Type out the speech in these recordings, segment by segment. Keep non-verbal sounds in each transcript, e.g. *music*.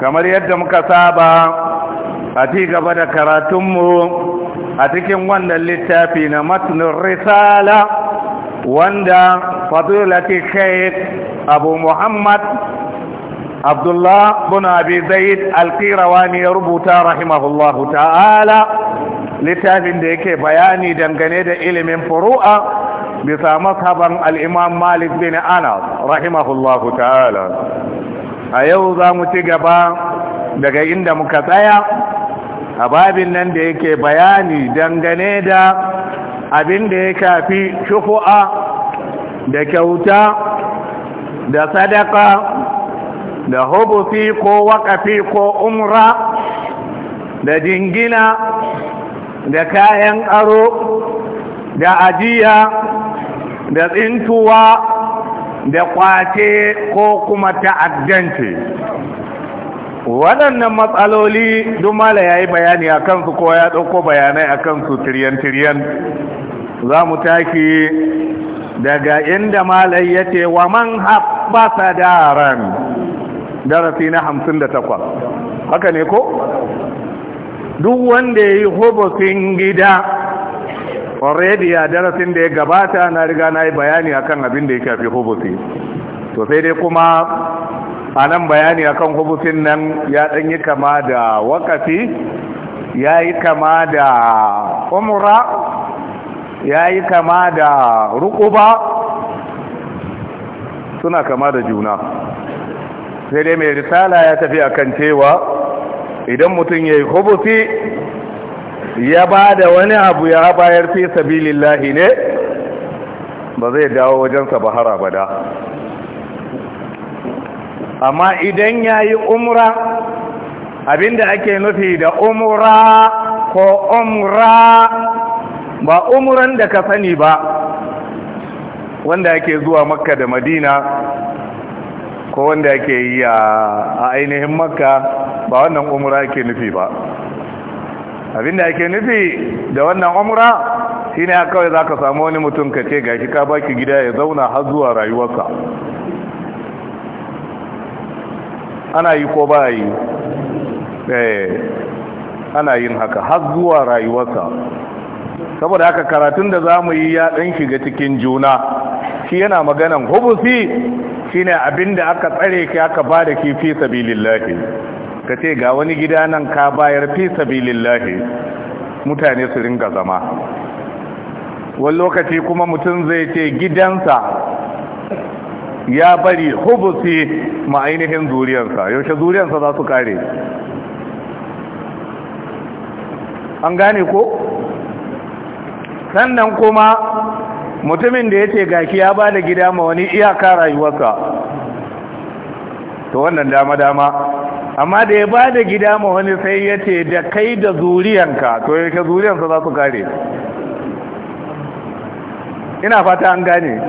kamar yadda muka saba a ci gaba da karatunmu a cikin wannan littafi na matnin risala wanda fadilati shaykh abu muhammad abdullah bin abi zaid alqirawani ya rubuta rahimahullahu ta'ala littafin da yake bayani dangane da ilimin furu'a bisa mazhaban al-imam malik bin anas rahimahullahu ta'ala a yau za mu ci gaba daga inda muka tsaya a babin nan da yake bayani dangane da abin da ya kafi shufu'a da kyauta da sadaka da hubufi ko wakafi ko umra da jingina da kayan aro da ajiya da tsintuwa da kwace ko kuma ta'addanci waɗannan matsaloli dumala ya yi bayani a kansu ko ya ɗauko bayanai a kansu tiriyan-tiriyan za mu taki daga inda malai ya ce wa man haɓasa daren darasi na hamsin da takwas haka ne ko duk wanda ya yi hobosin gida already a darasin da ya gabata na riga na yi bayani akan abin da ya shafi hubusi to sai dai kuma a nan bayani akan hubusin nan ya ɗan yi kama da wakafi ya yi kama da umra ya yi kama da rukuba suna kama da juna sai dai mai risala ya tafi akan cewa idan mutum ya yi hubusi ya ba da wani abu ya bayar fi sabilillahi ne ba zai dawo wajensa ba har abada amma idan ya yi umra abinda ake nufi da umra ko umra ba umran da ka sani ba wanda ake zuwa makka da madina ko wanda ake yi a ainihin makka ba wannan umra ake nufi ba Abin da ake nufi da wannan umra shine a kawai za ka samu wani mutum ka ce gashi ka baki gida ya zauna har zuwa rayuwarsa ana yi ko ba yi eh, ana yin haka har zuwa rayuwarsa saboda haka karatun da za mu yi ya ɗan shiga cikin juna shi yana maganan hubusi shine abinda aka tsare ki aka ba da kifi sabilillahi ka ce ga wani gida nan ka bayar fi sabilillahi mutane su ringa zama wani lokaci kuma mutum zai ce gidansa ya bari hubusi ma ainihin zuriyarsa yaushe zuriyarsa za su kare an gane ko sannan kuma mutumin da ya ce gaki ya ba da gida ma wani iyaka rayuwarsa to wannan dama-dama amma da ya ba da gida ma wani sai ya ce da kai da zuriyanka to ya ke zuriyansa za su kare ina fata an gane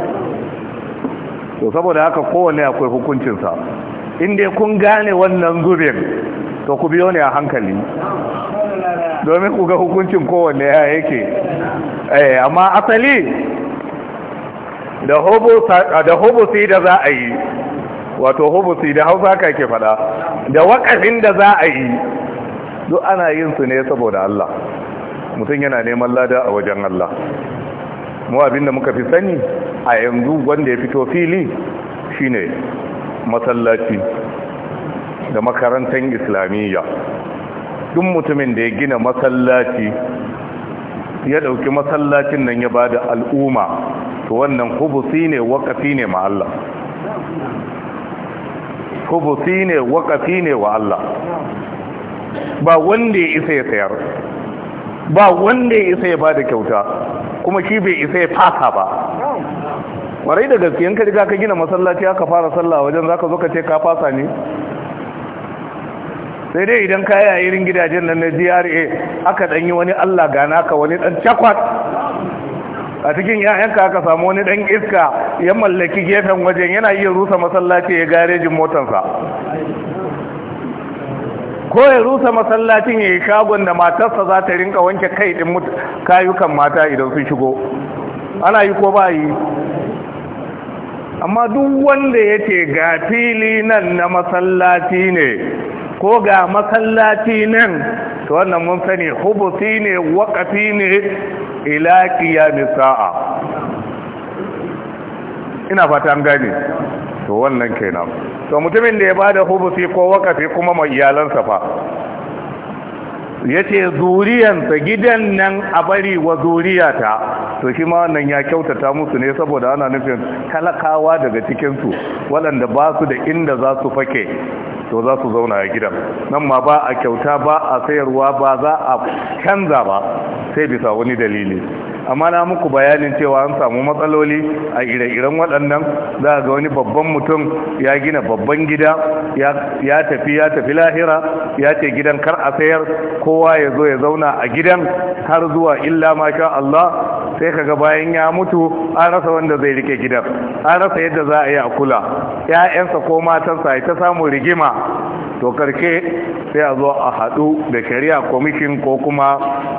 to saboda haka kowane akwai hukuncinsa inda kun gane wannan zubin to ku biyo ne a hankali domin ku ga hukuncin kowane ya yake eh, amma asali da hobo sai da za a yi wato hubusi da hausa ka ke fada da wakafin da za a yi duk ana yin su ne saboda Allah mutum yana neman lada a wajen Allah mu abinda muka fi sani a yanzu wanda ya fito fili shine masallaci da makarantar islamiyya duk mutumin da ya gina masallaci ya dauki masallacin nan ya ba da al'umma to wannan hubusi ne wakafi ne ma Allah hubusi ne wakafi ne wa Allah ba wanda ya isa ya sayar ba wanda ya isa ya ba da kyauta kuma shi bai isa ya fasa ba warai da gaskiyan ka riga ka gina masallaci aka fara sallah wajen zaka zo ka ce ka fasa ne sai dai idan ka kaya irin gidajen nan na GRA aka dan yi wani Allah ga naka wani dan cakwat. a cikin yayanka aka samu wani dan iska ya mallaki gefen wajen yana iya rusa masallaci ya garejin motarsa ko ya rusa masallacin ya yi shagon da matarsa za ta rinka wanke kai din kayukan mata idan sun shigo ana yi ko ba yi amma duk wanda ya ce ga fili nan na masallaci ne ko ga masallaci nan to wannan mun sani hubusi ne wakafi ne ilaki ya nisa'a ina fata an to wannan kenan to mutumin da ya ba da hubusi ko wakafi kuma mai iyalansa fa Ya ce zuriyansa gidan nan a bari wa zuriyata to shi ma wannan ya kyautata musu ne saboda ana nufin talakawa daga cikinsu waɗanda ba su da inda za su fake to za su zauna a gidan nan ma ba a kyauta ba a sayarwa ba za a canza ba sai bisa wani dalili amma na muku bayanin cewa an samu matsaloli a ire-iren waɗannan za ga wani babban mutum ya gina babban gida ya tafi ya tafi lahira ya ce gidan kar a sayar kowa ya zo ya zauna a gidan har zuwa illa masha Allah sai kaga bayan ya mutu an rasa wanda zai rike gidan an rasa yadda za a yi a kula 'ya'yansa ko matansa ya ta samu rigima to karke sai a zo a haɗu da shari'a kwamishin ko kuma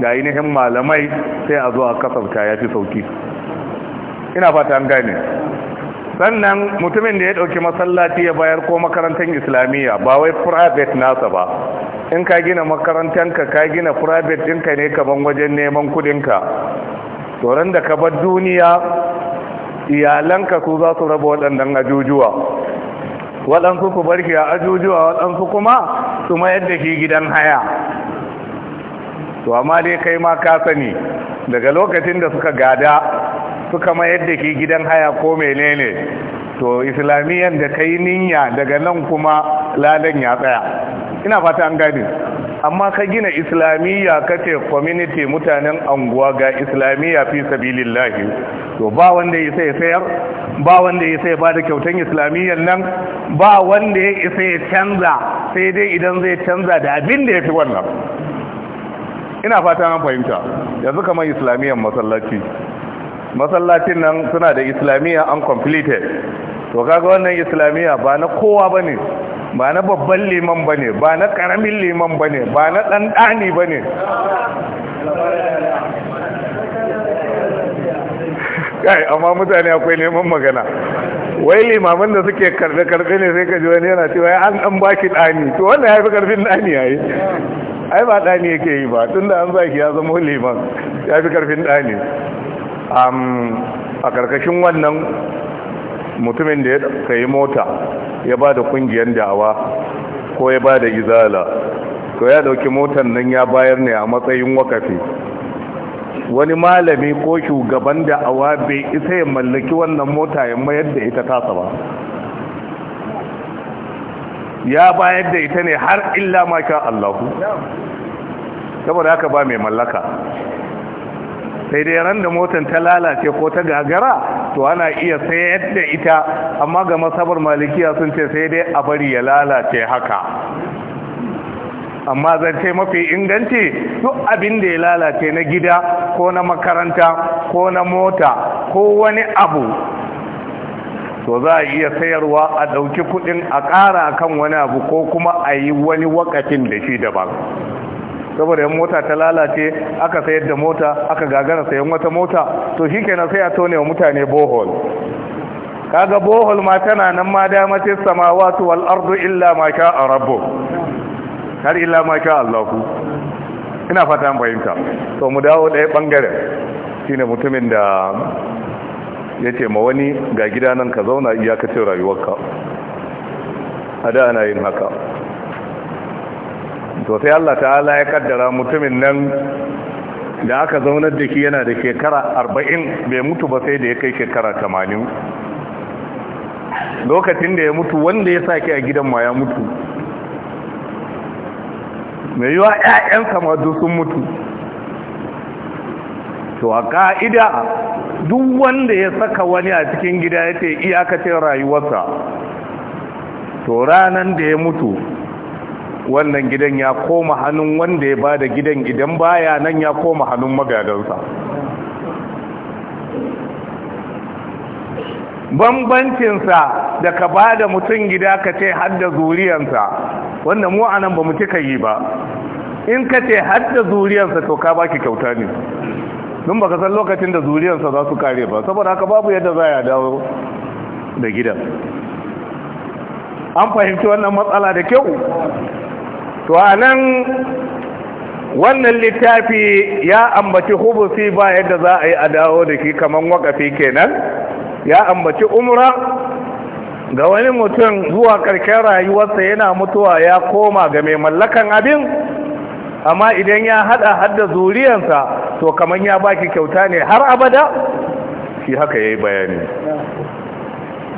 da ainihin malamai sai a zo a kasafta ya fi sauki ina fata an gane sannan mutumin da ya ɗauki masallaci ya bayar ko makarantar islamiyya ba wai private nasa ba in ka gina makarantarka ka gina private ɗinka ne kaban wajen neman To toron da ka bar duniya iyalanka su za su raba waɗannan ajujuwa waɗansu ku bar shi a ajujuwa waɗansu kuma su mayar da shi gidan haya to amma dai kai ma ka sani daga lokacin da suka gada suka mayar da shi gidan haya ko menene to islamiyyar da kai niyya daga nan kuma ladan ya tsaya ina fata an gani amma ka gina islamiyya ka ce community mutanen anguwa ga islamiyya fi sabilillahi to ba wanda ya sai sayar ba wanda ya sai bada kyautan islamiyyar nan ba wanda ya isa ya canza sai dai idan zai canza da abin da ya fi wannan ina fata an fahimta yanzu kamar islamiyyan masallaci masallacin nan suna da islamiyya an completed to kaga wannan islamiyya ba na kowa bane ba na babban liman ba ne ba na ƙaramin liman ba ne ba na ɗanɗani ba ne kai amma mutane akwai neman magana wai limamin da suke karfe-karfe ne sai ka ji wani yana cewa an an baki ɗani to wanda ya fi karfin ɗani ya yi ai ba ɗani yake yi ba tun da an zaki ya zama liman ya fi karfin ɗani a ƙarƙashin wannan mutumin da ya kai mota ya ba da kungiyar dawa ko ya ba da izala to ya dauki motar nan ya bayar ne a matsayin wakafi wani malami ko shugaban da'awa bai isa ya mallaki wannan mota ya mayar da ita tasa ba ya bayar da ita ne har illa ma Allahu saboda haka ba mai mallaka sai dai ran da motar ta lalace ko ta gagara to ana iya sayar da ita amma ga masabar malikiya sun ce sai dai a bari ya lalace haka amma zance mafi inganci duk abin da ya lalace na gida ko na makaranta ko na mota ko wani abu to za a iya sayarwa a ɗauki kuɗin a ƙara kan wani abu ko kuma a yi wani wakafin da shi daban saboda yan mota ta lalace aka sayar da mota aka gagara sayan wata mota to shikenan sai a tone wa mutane bohol kaga bohol ma tana nan ma damatis samawatu wal ardu illa ma sha'a rabbu har illa ma sha Allah ku ina fata an fahimta to mu dawo ɗaya bangare shine mutumin da yace ma wani ga gida nan ka zauna iyakacin rayuwarka a da ana yin haka to sai Allah ta'ala ya kaddara mutumin nan da aka zaunar da ke yana da shekara arba'in bai mutu ba sai da ya kai shekara tamanin lokacin da ya mutu wanda ya sa a gidan ma ya mutu mai yiwa 'ya'yansa ma duk sun mutu to a ka'ida duk wanda ya saka wani a cikin gida ya ce iyakacin rayuwarsa to ranar da ya mutu wannan gidan ya koma hannun wanda ya bada gidan idan baya nan ya koma hannun magadansa bambancinsa da ka bada mutum gida ka ce hadda zuriyansa wanda mu anan ba mu yi ba in ka ce hadda zuriyansa to ka baki kyauta ne don baka san lokacin da zuriyansa za su kare ba saboda haka babu yadda za ya dawo da gidan an fahimci wannan matsala da kyau to a nan wannan littafi ya ambaci hubusi ba yadda za a yi a dawo da ki, kamar wakafi kenan ya ambaci umra ga wani mutum zuwa ƙarshen rayuwarsa yana mutuwa ya koma ga mai mallakan abin amma idan ya hada hada zuriyansa to kamar ya baki kyauta ne har abada shi haka ya yi bayani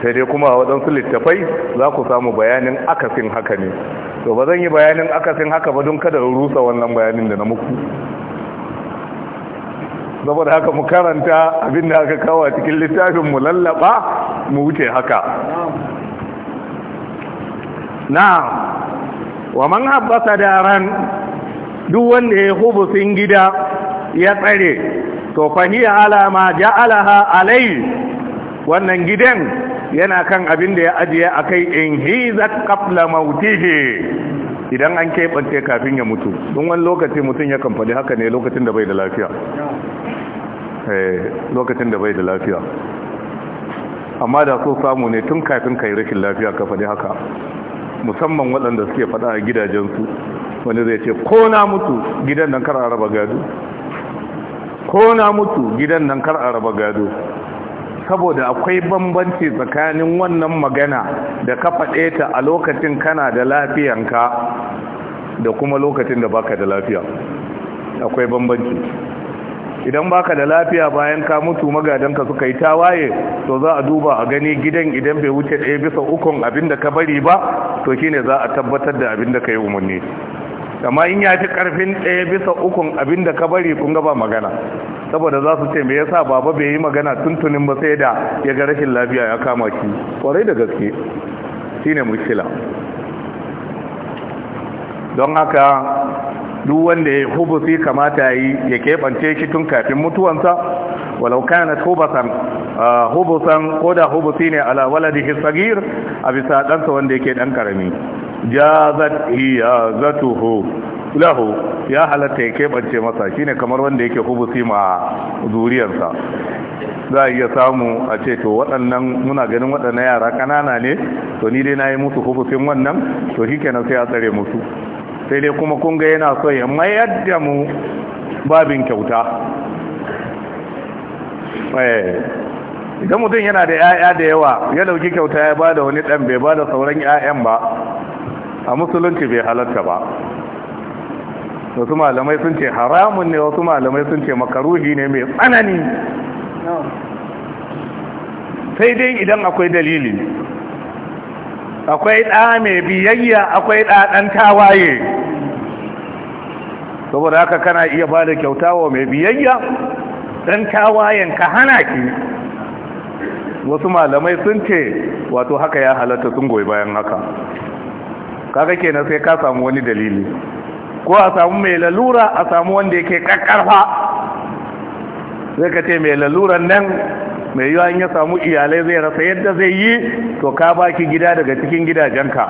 sai dai kuma a waɗansu littafai za ku samu bayanin akasin haka ne to ba zan yi bayanin akasin haka ba don kada rusa wannan bayanin da na muku saboda haka mu karanta abin da aka kawo a cikin littafin mu lallaba mu wuce haka Na wa man habbasa daran duk wanda ya hubusin gida ya tsare to fahiya alama ja'alaha alai wannan gidan yana kan abin da ya ajiye a kai in hizat kafla mautihi idan an keɓance kafin ya mutu don wani lokaci mutum ya kamfani haka ne lokacin da bai da lafiya eh, lokacin da bai da lafiya amma da so samu ne tun kafin kai rashin lafiya ka faɗi haka musamman waɗanda suke faɗa a gidajensu wani zai ce ko na mutu gidan nan kar a raba gado ko na mutu gidan nan kar a raba gado saboda akwai bambanci tsakanin wannan magana da ka faɗe ta a lokacin kana da lafiyanka da kuma lokacin da baka da lafiya akwai bambanci idan baka da lafiya bayan ka mutu magadanka suka yi waye, to za a duba a gani gidan idan bai wuce ɗaya bisa ukun abin ka bari ba to shine za a tabbatar da abinda da ka yi umarni amma in ya fi karfin ɗaya bisa ukun abin da ka bari kun gaba magana saboda za su ce me yasa baba bai yi magana tuntunin ba sai da ya ga rashin lafiya ya kama shi kwarai da gaske shine mushkila don haka duk wanda ya hubusi kamata yi ya kebance shi tun kafin mutuwansa walau kanat hubasan hubusan ko da hubusi ne ala waladi hisagir a bisa ɗansa wanda yake ɗan karami jazat hu lahu ya halatta ya kebance masa Shi ne kamar wanda yake hubusi ma zuriyarsa za a iya samu a ce to waɗannan muna ganin waɗannan yara ƙanana ne to ni dai na yi musu hubusin wannan to shi kenan sai a tsare musu sai dai kuma kunga yana so ya mayar da mu babin kyauta eh, idan mutum yana da 'ya'ya da yawa ya dauki kyauta ya ba da wani dan bai ba da sauran 'ya'yan ba a musulunci bai halarta ba wasu malamai sun ce haramun ne wasu malamai sun ce makaruhi ne mai tsanani sai dai idan akwai dalili akwai ɗa mai biyayya akwai ɗa ɗan tawaye saboda haka kana iya ba da kyauta wa mai biyayya ɗan tawayen ka hana ki wasu malamai sun ce wato haka ya halatta sun goyi bayan haka kaga ke sai ka samu wani dalili ko a samu mai lalura a samu wanda yake kakkarfa zai ka ce mai laluran nan mai yiwa in ya samu iyalai zai rasa yadda zai yi to ka baki gida daga cikin gidajenka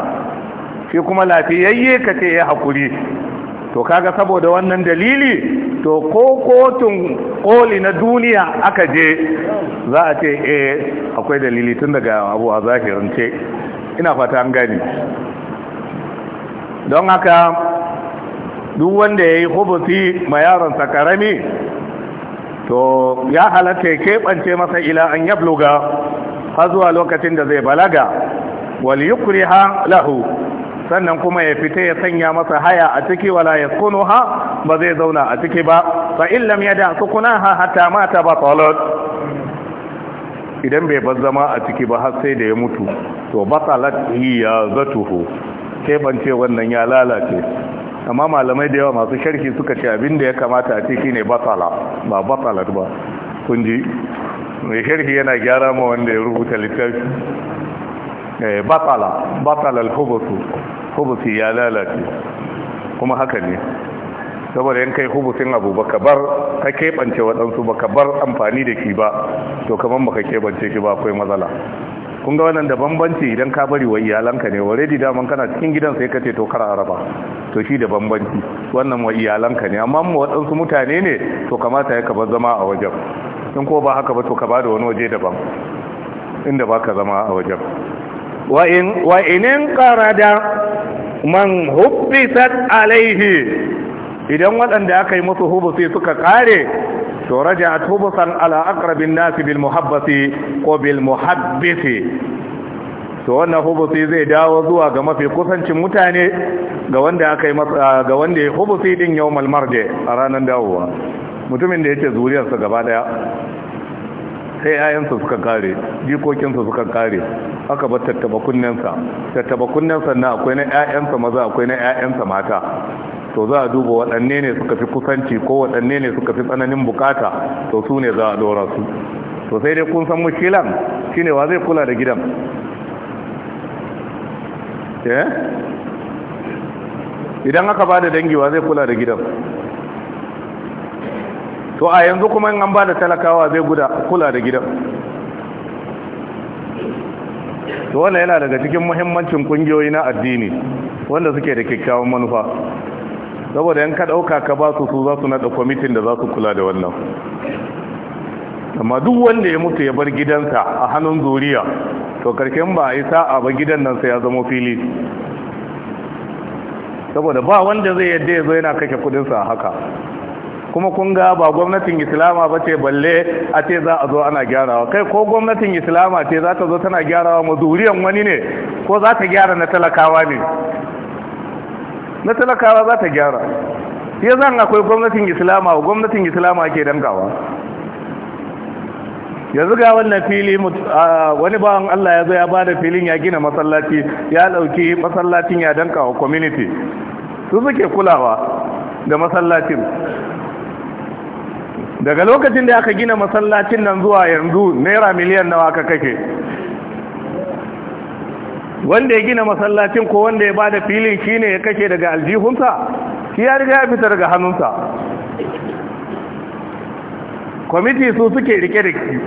shi kuma lafiyayye ka ce ya hakuri to kaga saboda wannan dalili to ko kotun koli na duniya aka je za a ce eh akwai dalili tun daga abu a zahirin ce ina fata an gani don haka duk wanda ya yi hubusi ma yaronsa karami to ya halatta ya keɓance masa ila an yabluga har zuwa lokacin da zai balaga wal yukriha lahu sannan kuma ya fita ya sanya masa haya a ciki wala yaskunuha ba zai zauna a ciki ba fa in lam yada sukunaha hatta mata batalat idan bai bar zama a ciki ba har sai da ya mutu to batalat hiya zatuhu keɓance wannan ya lalace amma malamai da yawa masu sharhi suka ce abin da ya kamata a ce ne batsala ba batsala ba kun ji mai sharhi yana gyara ma wanda ya rubuta littafi eh batsala al hubusu hubusi ya lalace kuma haka ne saboda yan kai hubusin abu baka bar ka keɓance waɗansu baka bar amfani da shi ba to kamar baka keɓance shi ba akwai matsala kun ga wannan da bambanci idan ka bari wa iyalanka ne already daman kana cikin gidan sai ka ce to kar araba to shi da bambanci wannan wa iyalanka ne amma mu waɗansu mutane ne to kamata ya ka bar zama a wajen in ko ba haka ba to ka ba da wani waje daban inda ba ka zama a wajen wa in inin karada man hubbisat alaihi idan waɗanda aka yi musu hubu sai suka kare to raja'at hubsan ala aqrabin nas bil muhabbati ko bil muhabbiti to wannan hubusi zai dawo zuwa ga mafi kusancin mutane ga wanda aka yi ga wanda ya hubusi din yawmal marje a ranar dawowa mutumin da yake zuriyarsa gaba daya sai ayansa suka kare jikokinsa suka kare aka bar tattaba kunnensa tattaba kunnensa na akwai na 'ya'yansa maza akwai na 'ya'yansa mata to za a duba waɗanne ne suka fi kusanci ko waɗanne ne suka fi tsananin bukata to su ne za a ɗora su to sai dai kun san shi ne wa zai kula da gidan eh? idan aka ba da dangi wa zai kula da gidan to a yanzu kuma in an ba da talakawa zai guda kula da gidan to wannan yana daga cikin muhimmancin kungiyoyi na addini wanda suke da kyakkyawan manufa saboda yan ka ɗauka ka ba su su za su naɗa kwamitin da za su kula da wannan amma duk wanda ya mutu ya bar gidansa a hannun zuriya to karken ba a yi sa'a ba gidan nan sai ya zama fili saboda ba wanda zai yadda ya zo yana kake kudinsa a haka kuma kun ga ba gwamnatin islama ba ce balle a ce za a zo ana gyarawa kai ko gwamnatin islama ce za ta zo tana gyarawa ma zuriyan wani ne ko za ta gyara na talakawa ne na talakawa za ta gyara ya zan akwai gwamnatin islama gwamnatin islama ke dangawa yanzu ga wannan fili wani bawan Allah ya zo ya bada filin ya gina masallaci ya dauki masallacin ya dankawa community su suke kulawa da masallacin daga lokacin da aka gina masallacin nan zuwa yanzu naira miliyan nawa aka kake wanda ya gina masallacin ko wanda ya ba da filin shine ya kashe daga aljihunsa shi ya riga ya fita daga hannunsa kwamiti su suke rike da ki,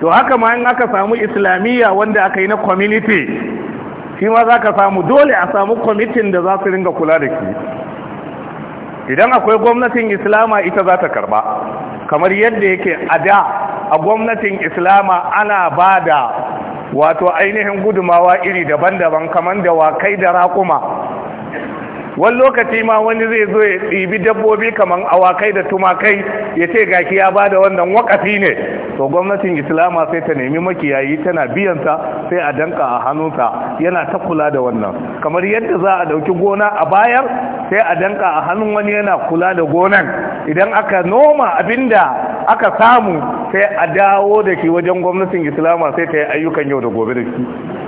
to haka ma in aka samu islamiyya wanda aka yi na kwamiti, shi ma za ka samu dole a samu kwamitin da za su ringa kula da ki. idan akwai gwamnatin islama ita za ta karba kamar yadda yake a da a gwamnatin islama ana ba da wato ainihin gudumawa iri daban-daban kamar da wakai da raƙuma wani lokaci ma wani zai zo ya ɗibi dabbobi kamar awakai da tumakai ya ce gaki ya bada wannan wakafi ne to gwamnatin islama sai ta nemi makiyayi tana biyansa sai a danka a hannunsa yana ta kula da wannan kamar yadda za a ɗauki gona a bayar sai a danka a hannun wani yana kula da gonan idan aka noma abinda aka samu sai a dawo da shi wajen gwamnatin islama sai ta yi ayyukan yau da gobe da shi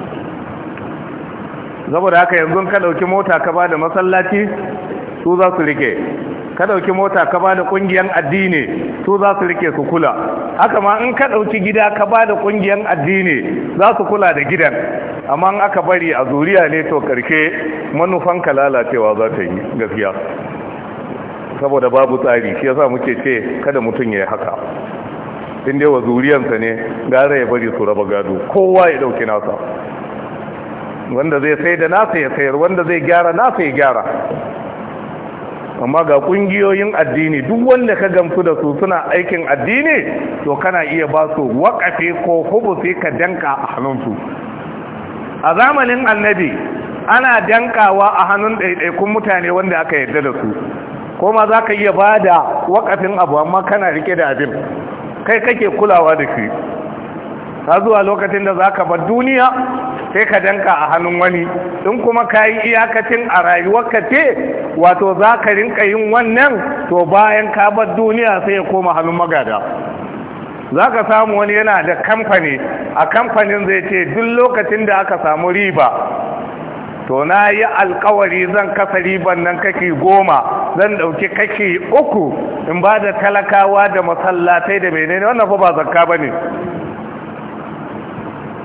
saboda haka yanzu ka dauki mota ka ba masallaci su za su rike ka dauki mota ka ba da kungiyan addini su za su rike su kula haka ma in ka dauki gida ka bada da kungiyan addini za su kula da gidan amma in aka bari a zuriya ne to karshe manufan ka lalacewa za ta yi gaskiya saboda babu tsari shi yasa muke ce kada mutum ya yi haka in dai zuriyansa ne gara ya bari su raba gado kowa ya dauki nasa wanda zai sai da nasa ya sayar wanda zai gyara nasa ya gyara amma ga kungiyoyin addini duk wanda ka gamsu da su suna aikin addini to kana iya ba su wakafe ko sai ka danka a hannunsu a zamanin annabi ana dankawa a hannun ɗaiɗaikun mutane wanda aka yarda da su ko ma za ka iya ba da wakafin abu amma kana rike da abin kai kake kulawa da shi ta zuwa lokacin da za ka bar duniya sai ka danka a hannun wani in kuma ka yi iyakacin a rayuwar ce wato za ka rinka yin wannan to bayan ka bar duniya sai ya koma hannun magada za ka samu wani yana da kamfani a kamfanin zai ce duk lokacin da aka samu riba to na yi alkawari zan kasa riban nan kake goma zan ɗauki kake uku in ba da talakawa da masallatai da menene wannan fa ba zakka bane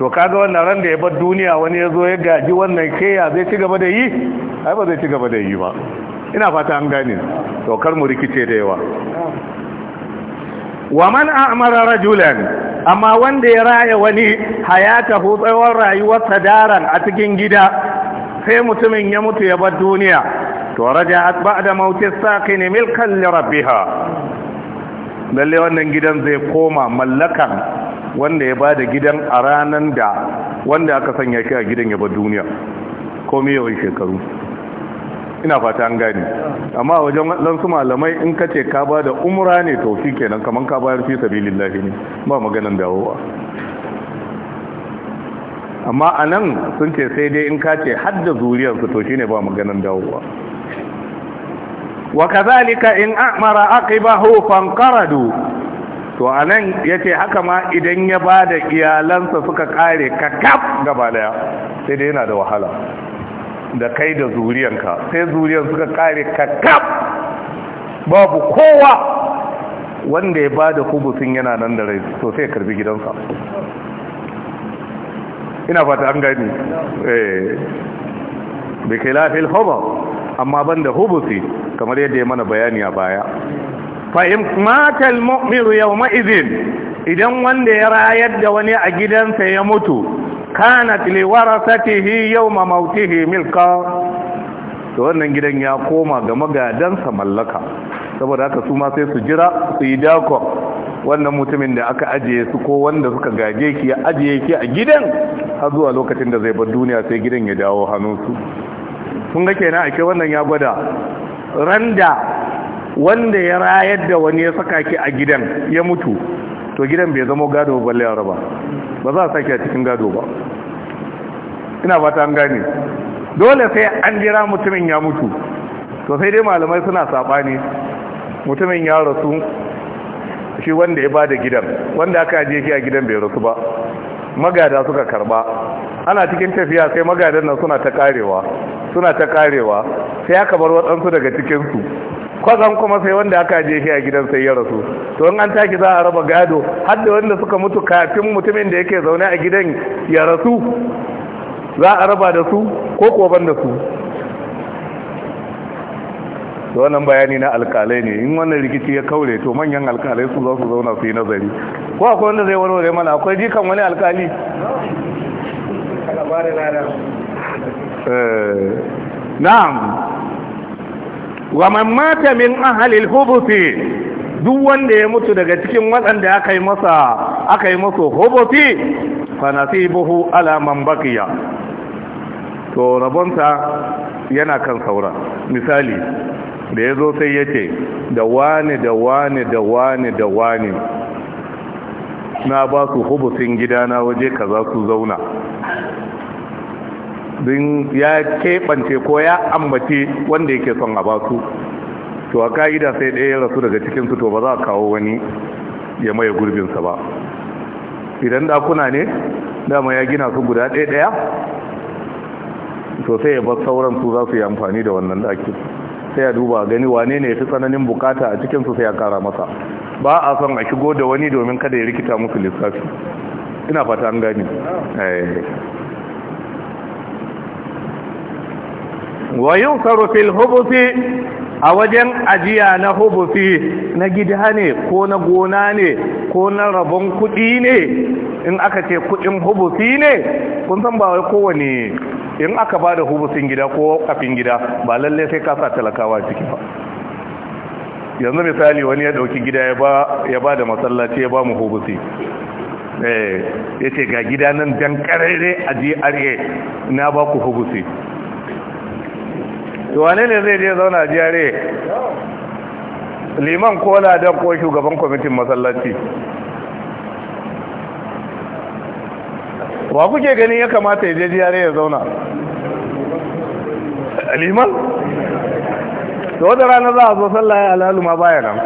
to kaga wannan ran da ya bar duniya wani ya zo ya gaji wannan keya zai ci gaba da yi ai ba zai ci gaba da yi ba ina fata an gane to kar mu rikice da yawa wa man a'mara rajulan amma wanda ya raya wani hayata hu tsawon rayuwarsa daran a cikin gida sai mutumin ya mutu ya bar duniya to at ba'da mauti saqin milkan li rabbiha lalle wannan gidan zai koma mallakan wanda ya bada gidan a ranar da wanda aka sanya shi a gidan ya bar duniya ko me yawan shekaru ina fata an gani amma wajen su malamai in ka ce ka ba da umra ne to shi kenan kamar ka bayar fi sabilillahi ne ba maganan dawowa amma a nan sun ce sai dai in ka ce hadda zuriyarsu to shine ba maganan dawowa wa kazalika in a'mara aqibahu fanqaradu to a nan ya ce haka ma idan ya ba da iyalansa suka kare kakaf gaba daya sai dai yana da wahala da kai da zuriyanka sai zuriyan suka kare kakaf babu kowa wanda ya ba da kubusin yana nan da rai to sai karbi gidansa ina fata an gani eh bi hubu amma banda hubusi kamar yadda ya mana bayani a baya fa'in matal mu'miru yau ma'izin idan wanda ya rayar da wani a gidansa ya mutu kana liwarasatihi yau ma mautihi milka to wannan gidan ya koma ga magadansa mallaka saboda haka su ma sai su jira su yi dako wannan mutumin da aka ajiye su ko wanda suka gaje ki ya ajiye ki a gidan har zuwa lokacin da zai bar duniya sai gidan ya dawo hannunsu sun ga kenan ake wannan ya gwada randa wanda ya rayar da wani ya saka ki a gidan ya mutu to gidan bai zama gado balle ya raba ba za a sake a cikin gado ba ina ba ta gane dole sai an jira mutumin ya mutu to sai dai malamai suna saɓani mutumin ya rasu shi wanda ya ba da gidan wanda aka ajiye shi a gidan bai rasu ba magada suka karba ana cikin tafiya sai magadan nan suna ta karewa suna ta karewa sai aka bar waɗansu daga cikinsu kwazan kuma sai wanda aka je shi a gidan sai ya rasu to in an taki za a raba gado har da wanda suka mutu kafin mutumin da yake zaune a gidan ya rasu za a raba da su ko koban da su To wannan bayani na alkalai ne in wannan rikici ya kaure to manyan alkalai su za su zauna su yi nazari ko akwai wanda zai warware mana akwai jikan wani alkali eh, na'am wa man mata min ahlil duk wanda ya mutu daga cikin waɗanda aka yi masa aka yi masa hubuthi fa nasibuhu ala man baqiya to rabonta yana kan saura misali da yazo sai yace ce da wani da wani da wani da wani na ba su hubusin gidana waje kaza su zauna don ya keɓance ko ya ambace wanda yake son a basu to a ka'ida sai ɗaya ya rasu daga cikinsu to ba za a kawo wani ya maye gurbinsa ba idan ɗakuna ne dama ya gina su guda ɗaya ɗaya to sai ya ba sauran su za su yi amfani da wannan ɗakin sai ya duba gani wane ne ya fi tsananin bukata a cikinsu sai ya kara masa ba a son a shigo da wani domin kada ya rikita musu lissafi ina fata an gani eh. wa yunkaru fil hubusi a wajen ajiya na hubufi na gida ne ko na gona ne ko na rabon kuɗi ne in aka ce kuɗin hubufi ne kun san ba wai kowane in aka ba da hubusin gida ko kafin gida ba lallai sai kasa talakawa ciki ba yanzu misali wani ya ɗauki gida ya ba da masallaci ya ba mu hubusi eh, ya ce ga gida nan dan a GRA na ba ku hubusi to wane ne zai je zauna jiyare liman ko ladan ko shugaban kwamitin masallaci wa kuke gani ya kamata ya je jiyare ya zauna liman da wata rana za a zo sallah ya ma baya nan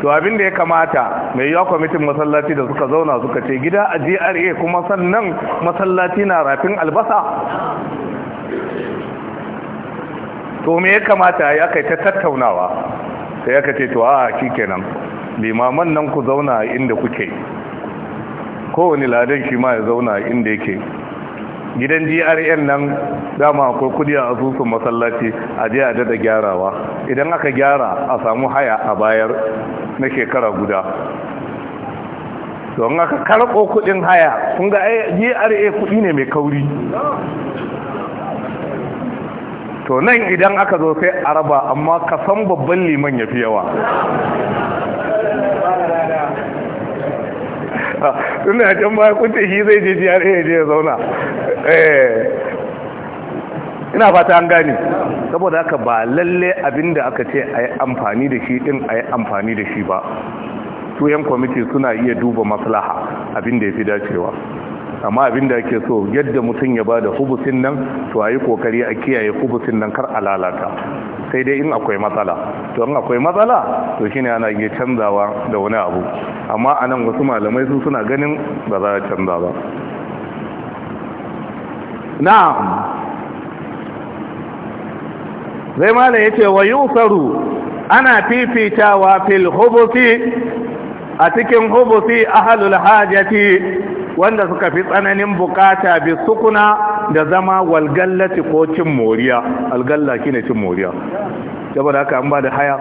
to abin da ya kamata mai yiwa kwamitin masallaci da suka zauna suka ce gida a gra kuma sannan masallaci na rafin albasa to me ya kamata ya kai ta tattaunawa sai aka ce to a kenan limaman nan ku zauna inda kuke kowane ladan shi ma ya zauna inda yake gidan grn nan dama akwai kudi a asusun masallaci a je a dada gyarawa idan aka gyara a samu haya a bayar na shekara guda don aka karko kudin haya kun ga gra kudi ne mai kauri to nan idan aka zo sai a raba amma ka san babban liman ya fi yawa suna can baya kunce shi zai je jiyar ya je ya zauna eh, ina fata an gane saboda haka ba lalle abinda aka ce a yi amfani da shi din a amfani da shi ba su yan kwamiti suna iya duba maslaha abinda ya fi dacewa amma abin da ake so yadda mutum ya ba da hubusin nan to a yi kokari a kiyaye hubusin nan kar a lalata sai dai in akwai matsala to in akwai matsala to shine ana iya canzawa da wani abu amma a nan wasu malamai su suna ganin ba za a canza ba na'am zai mala ya ce wa yusaru ana fifitawa fil hubusi a cikin hubusi ahlul hajati wanda suka fi tsananin bukata bi sukuna da zama walgallati ko cin moriya algalla ne cin moriya saboda haka an ba da haya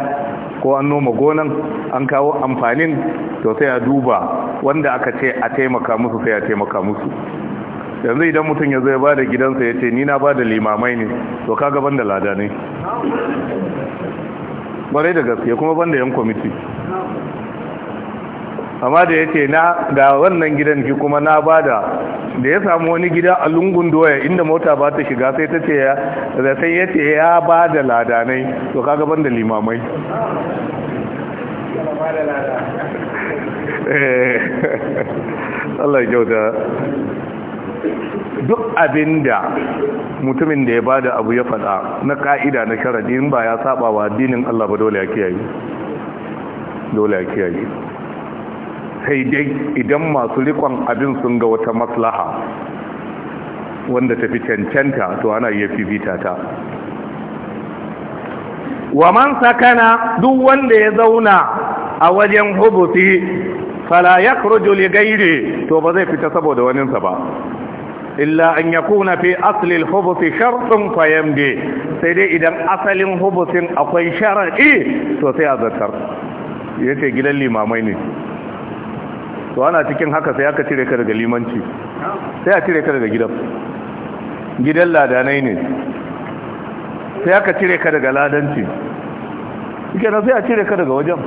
ko an noma gonan an kawo amfanin to sai a duba wanda aka ce a taimaka musu sai a taimaka musu yanzu idan mutum ya zai ba da gidansa ya ce ni na ba limamai ne to ka gaban da lada ne ƙwarai da gaske kuma ban da yan kwamiti amma da ya ce na ga wannan gidan ki kuma na bada da ya samu wani gida a lungun doya inda mota ba ta shiga sai ta ce ya da sai ya ce ya bada ladanai to kaga da limamai eh, *laughs* Allah kyauta duk abinda mutumin da ya bada abu ya faɗa na ka'ida na sharadin ba ya saba wa addinin Allah ba dole ya kiyaye dole ya kiyaye sai dai idan masu rikon abin sun ga wata maslaha wanda tafi cancanta to ana iya fifita ta wa man sakana duk wanda ya zauna a wajen hubuti fala yakhruju li ghairi to ba zai fita saboda waninsa ba illa an yakuna fi asli al-hubuti shartun fayamdi sai dai idan asalin hubutin akwai sharadi to sai a Ya yace gidan limamai ne to ana cikin haka sai aka cire ka daga limanci sai a cire ka daga gidan gidan ladanai ne sai aka cire ka daga ladanci ike na sai a cire ka daga wajen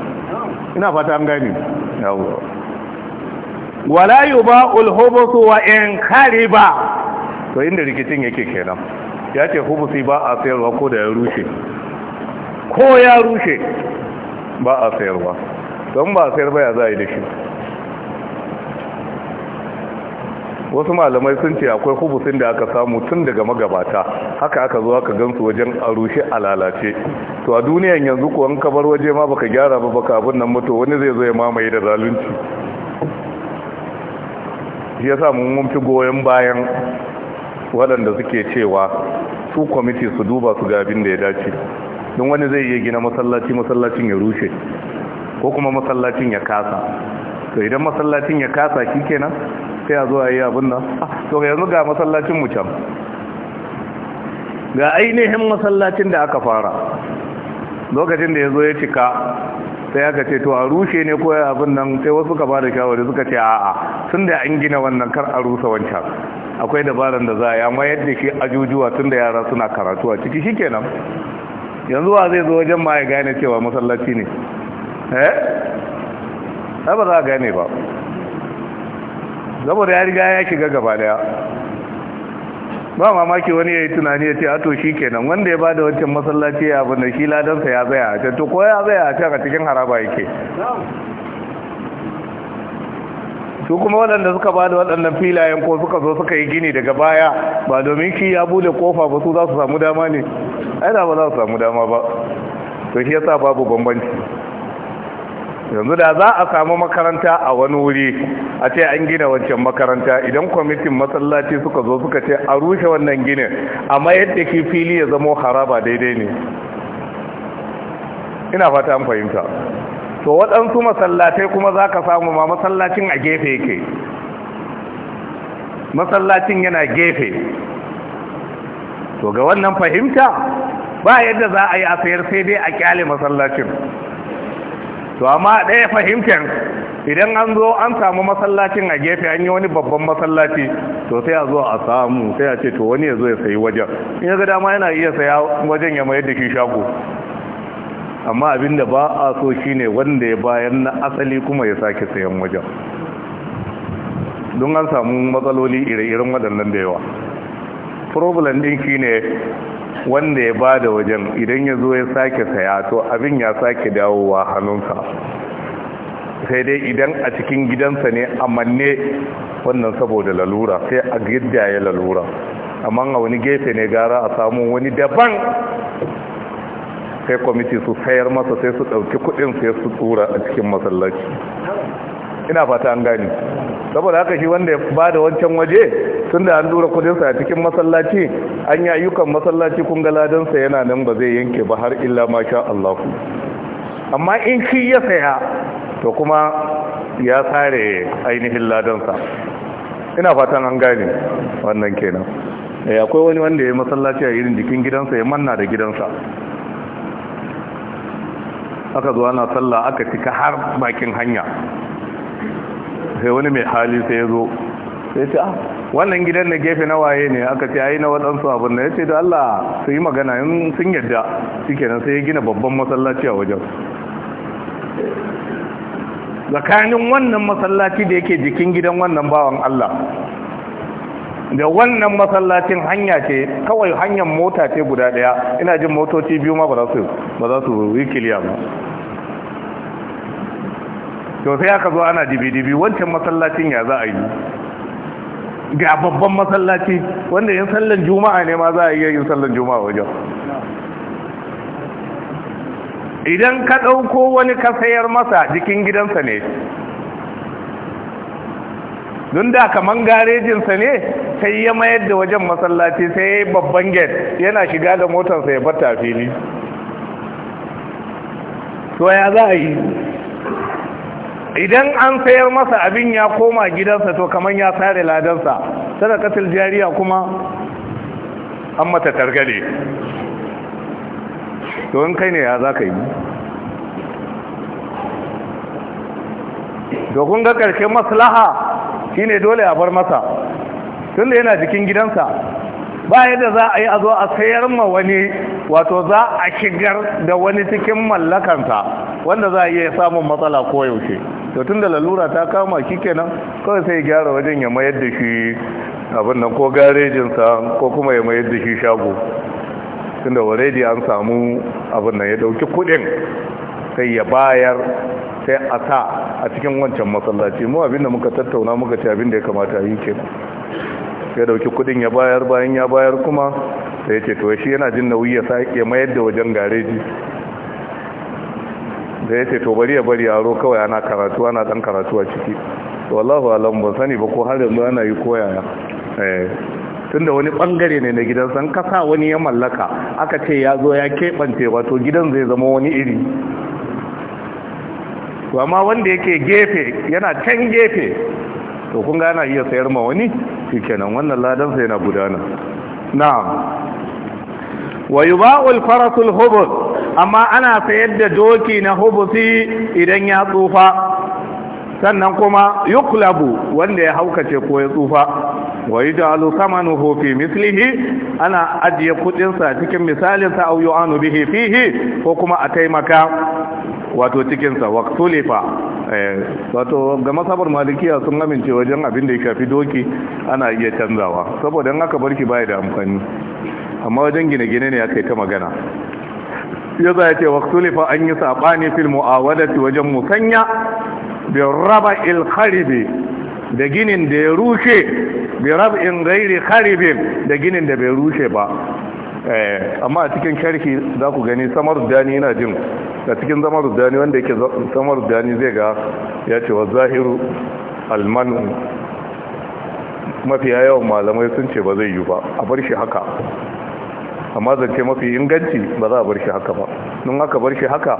ina fata an gani wala yi ba ulhubusu wa in kare ba to inda rikicin yake kenan ya ce hubusi ba a sayarwa ko da ya rushe ko ya rushe ba a sayarwa don ba a sayar ba ya za a yi da shi wasu malamai sun ce akwai hubusin da aka samu tun daga magabata haka aka zo aka gansu wajen a rushe a lalace to a duniyan yanzu ko ka bar waje ma baka gyara ba baka abin nan mutu wani zai zo ya mamaye da zalunci shi ya mun mun goyon bayan waɗanda suke cewa su kwamiti su duba su ga abin da ya dace don wani zai iya gina masallaci masallacin ya rushe ko kuma masallacin ya kasa to idan masallacin ya kasa kenan sai a zo a yi abin nan to yanzu ga masallacin mu can ga ainihin masallacin da aka fara lokacin da ya zo ya cika sai aka ce to a rushe ne ko abin nan sai wasu ka ba da shawari suka ce a'a tun da an gina wannan kar a rusa wancan akwai dabaran da za a yi amma yadda shi ajujuwa tun da yara suna karatu a ciki shikenan yanzu wa zai zo wajen ma ya gane cewa masallaci ne eh ba za a gane ba saboda ya riga ya shiga gaba daya ba mamaki wani ya yi tunani ya ce a to shi kenan wanda ya bada wancan masallaci ya abu na shi ladansa ya zaya a can to ko ya zaya a can cikin haraba yake su kuma waɗanda suka ba da waɗannan filayen ko suka zo suka yi gini daga baya ba domin shi ya bude kofa ba su za su samu dama ne aina ba za su samu dama ba to shi yasa babu bambanci yanzu da za a samu makaranta a wani wuri a ce an gina wancan makaranta idan kwamitin masallaci suka zo suka ce a rushe wannan ginin amma yadda ke fili ya zamo haraba daidai ne ina fata an fahimta to waɗansu masallatai kuma za ka samu ma masallacin a gefe yake masallacin yana gefe to ga wannan fahimta ba yadda za a yi a sayar sai dai a kyale masallacin to amma ɗaya fahimtar idan an zo an samu masallacin a gefe an yi wani babban masallaci to sai a zo a samu sai a ce to wani ya zo ya sayi wajen in ya ga dama yana iya saya wajen ya mayar da shi shago amma abinda ba a so ne wanda ya bayan na asali kuma ya sake sayan wajen don an samu matsaloli ire-iren waɗannan da yawa problem ɗin ne. wanda ya ba da wajen idan ya zo ya sake saya to abin ya sake dawowa hannunsa sai dai idan a cikin gidansa ne a manne wannan saboda lalura sai a ya lalura amma a wani gefe ne gara a samu wani daban sai kwamiti su sayar masa sai su ɗauki kudin sai su tsura a cikin masallaci ina fata an gani saboda haka shi wanda ya bada wancan waje tunda an dura kudinsa a cikin masallaci an yi ayyukan masallaci kun ga ladansa yana nan ba zai yanke ba har illa ma sha Allah amma in shi ya saya to kuma ya sare ainihin ladansa ina fatan an gane wannan kenan eh, akwai wani wanda ya masallaci a irin jikin gidansa ya manna da gidansa aka zuwa na sallah aka cika har bakin hanya sai wani mai hali sai ya zo sai ce ah wannan gidan na gefe na waye ne aka ce ayi na waɗansu abin da ya ce da Allah su yi magana in sun yadda shikenan sai ya gina babban masallaci a wajen tsakanin wannan masallaci da yake jikin gidan wannan bawan Allah da wannan masallacin hanya ce kawai hanyar mota ce guda daya ina jin motoci biyu ma ba za su yi kiliya ba to sai aka zo ana dibi-dibi wancan masallacin ya za a yi ga babban masallaci wanda yin sallan juma'a ne ma za a iya yin sallan juma'a wajen idan ka ɗauko wani ka sayar masa jikin gidansa ne don da kaman garejinsa ne sai ya mayar da wajen masallaci sai ya yi babban get yana shiga da motarsa ya bata fili to ya za a yi idan an sayar masa abin ya koma gidansa to kamar ya sare ladansa sadakatul jariya kuma an mata targade to in kai ne ya za ka yi kun ga ƙarshen maslaha shine dole a bar masa tun da yana jikin gidansa ba yadda za a yi a zo a sayar ma wani wato za a shigar da wani cikin mallakanta wanda za a iya samun matsala ko yaushe to tun da lalura ta kama shi kenan kawai sai gyara wajen ya mayar da shi abin nan ko garejinsa ko kuma ya mayar da shi shago tun da already an samu abin nan ya dauki kudin sai ya bayar sai a sa a cikin wancan masallaci mu abin da muka tattauna muka ci abin da ya kamata yi kenan ya dauki kudin ya bayar bayan ya bayar kuma sai ce to shi yana jin nauyi ya sake mayar da wajen gareji da ya ce to bari ya bari yaro kawai ana karatu ana dan karatu a ciki wallahu alam ban sani ba ko har yanzu ana yi koyaya eh tunda wani bangare ne na gidan san kasa wani ya mallaka aka ce ya zo ya keɓance wato gidan zai zama wani iri to amma wanda yake gefe yana can gefe to kun gana iya sayar ma wani shikenan wannan ladan sai na gudana na'am wa yuba'u al-farasu al-hubus amma ana sayar da doki na hubusi idan ya tsufa sannan kuma yuklabu wanda ya haukace ko ya tsufa Wai da thamanuhu hofi mislihi ana ajiye kudin sa cikin misalin sa au yu'anu bihi fihi ko kuma a taimaka wato cikin sa eh, wato ga masabar malikiya sun amince wajen abin da ya shafi doki ana iya canzawa saboda in aka barki baya da amfani amma wajen gine-gine ne aka yi ta magana ya za ya ce waktulifa an yi saɓani fil mu'awadati wajen musanya bin raba ilharibi da ginin da ya rushe bi rab'in ghairi kharibin da ginin da bai rushe ba eh, amma a cikin sharhi za ku gani samar dani yana jin a cikin zamar dani wanda yake samar dani zai ga ya ce wa zahiru alman mafiya yawan malamai sun ce ba zai yi ba a bar shi haka amma zance mafi inganci ba za a bar shi haka ba don haka bar shi haka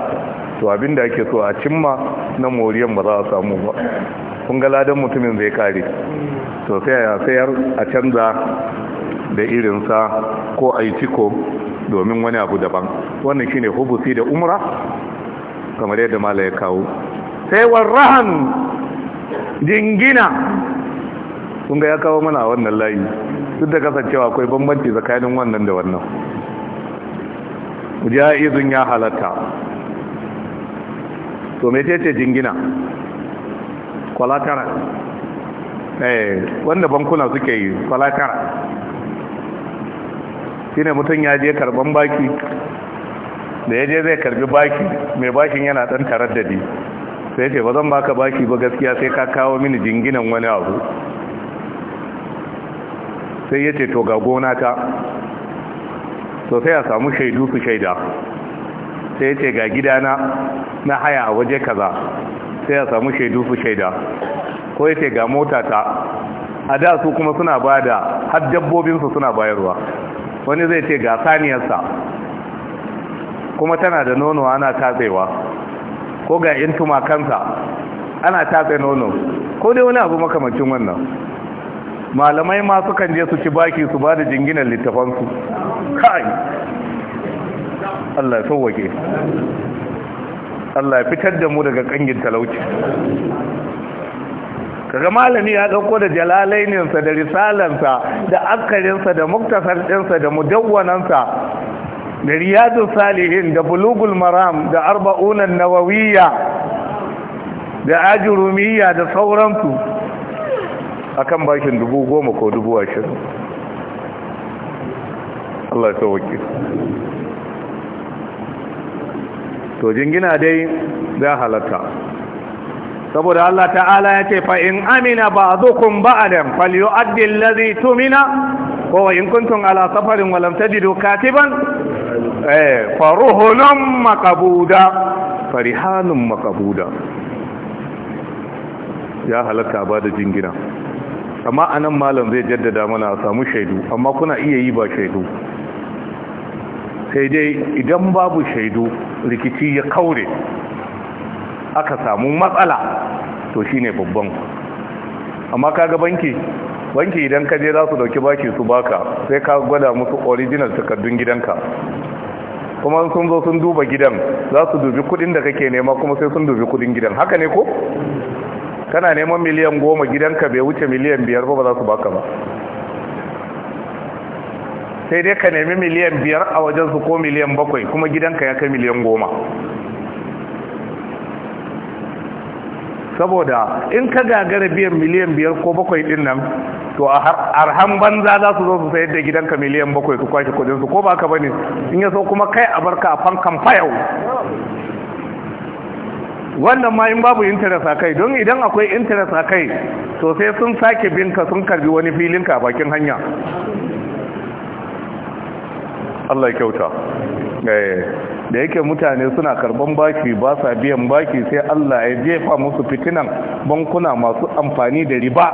to abinda ake so a cimma na moriyan ba za a samu ba kun ga ladan mutumin zai kare to sai a sayar a canza da irinsa ko a yi ciko domin wani abu daban wannan shine hubusi da umra kamar yadda mala ya kawo sai warrahan jingina kun ga ya kawo mana wannan layi duk da kasancewa akwai bambanci tsakanin wannan da wannan izin ya halatta to mece ce jingina kwalatara eh, wanda bankuna suke yi kwalatara shine mutum ya je karban baki da ya je zai karbi baki mai bakin yana dan taraddadi sai ce ba zan baka baki ba gaskiya sai ka kawo mini jinginan wani abu sai ya ce to ga gona ta to sai a samu shaidu su shaida sai ya ce ga gidana na haya a waje kaza sai a samu shaidu su shaida ko ya ga mota ta a da su kuma suna ba da har dabbobinsu suna bayarwa wani zai ce ga saniyarsa kuma tana da nono ana tatsewa ko ga yan tumakansa ana tatse nono ko dai wani abu makamancin wannan malamai ma sukan je su ci baki su ba da jinginan littafansu kai Allah ya sauwake Allah ya fitar da mu daga kangin talauci kaga malami ya dauko da jalalaininsa da risalansa da akarinsa da muktasar ɗinsa da mudawwanansa da riyadu salihin da bulugul maram da arba'unan nawawiyya da ajurumiyya da sauransu akan bakin dubu goma ko dubu ashirin Allah ya sauwake to jingina dai za halatta saboda Allah ta'ala ya ce fa in amina ba'dukum ba'dan falyu'addi allazi tumina wa in kuntum ala safarin wa lam tajidu katiban eh faruhunum maqbuda farihanum maqbuda ya halatta ba da jingina amma anan malam zai jaddada mana a samu shaidu amma kuna iya yi ba shaidu sai dai idan babu shaidu rikici ya kaure aka samu matsala to shi ne babban amma kaga banki banki idan ka je za su dauki baki su baka sai ka gwada musu original takardun gidanka kuma sun zo sun duba gidan za su dubi kudin da kake nema kuma sai sun dubi kudin gidan haka ne ko kana neman miliyan goma gidanka bai wuce miliyan biyar ba za su baka ba sai dai ka nemi miliyan biyar a wajen su ko miliyan bakwai kuma gidanka ya kai miliyan goma saboda in ka gagara biyan miliyan biyar ko bakwai din nan to a arhan banza za su zo su sayar da gidanka miliyan bakwai su kwashe kudinsu ko ba ka bane in ya so kuma kai a barka a fankan fayau wannan ma in babu intanet a kai don idan akwai intanet a kai to sai sun sake binka sun karbi wani filinka a bakin hanya Allah kyauta eh, da yake mutane suna karban baki ba sa biyan baki sai Allah ya jefa musu fitinan bankuna masu amfani da riba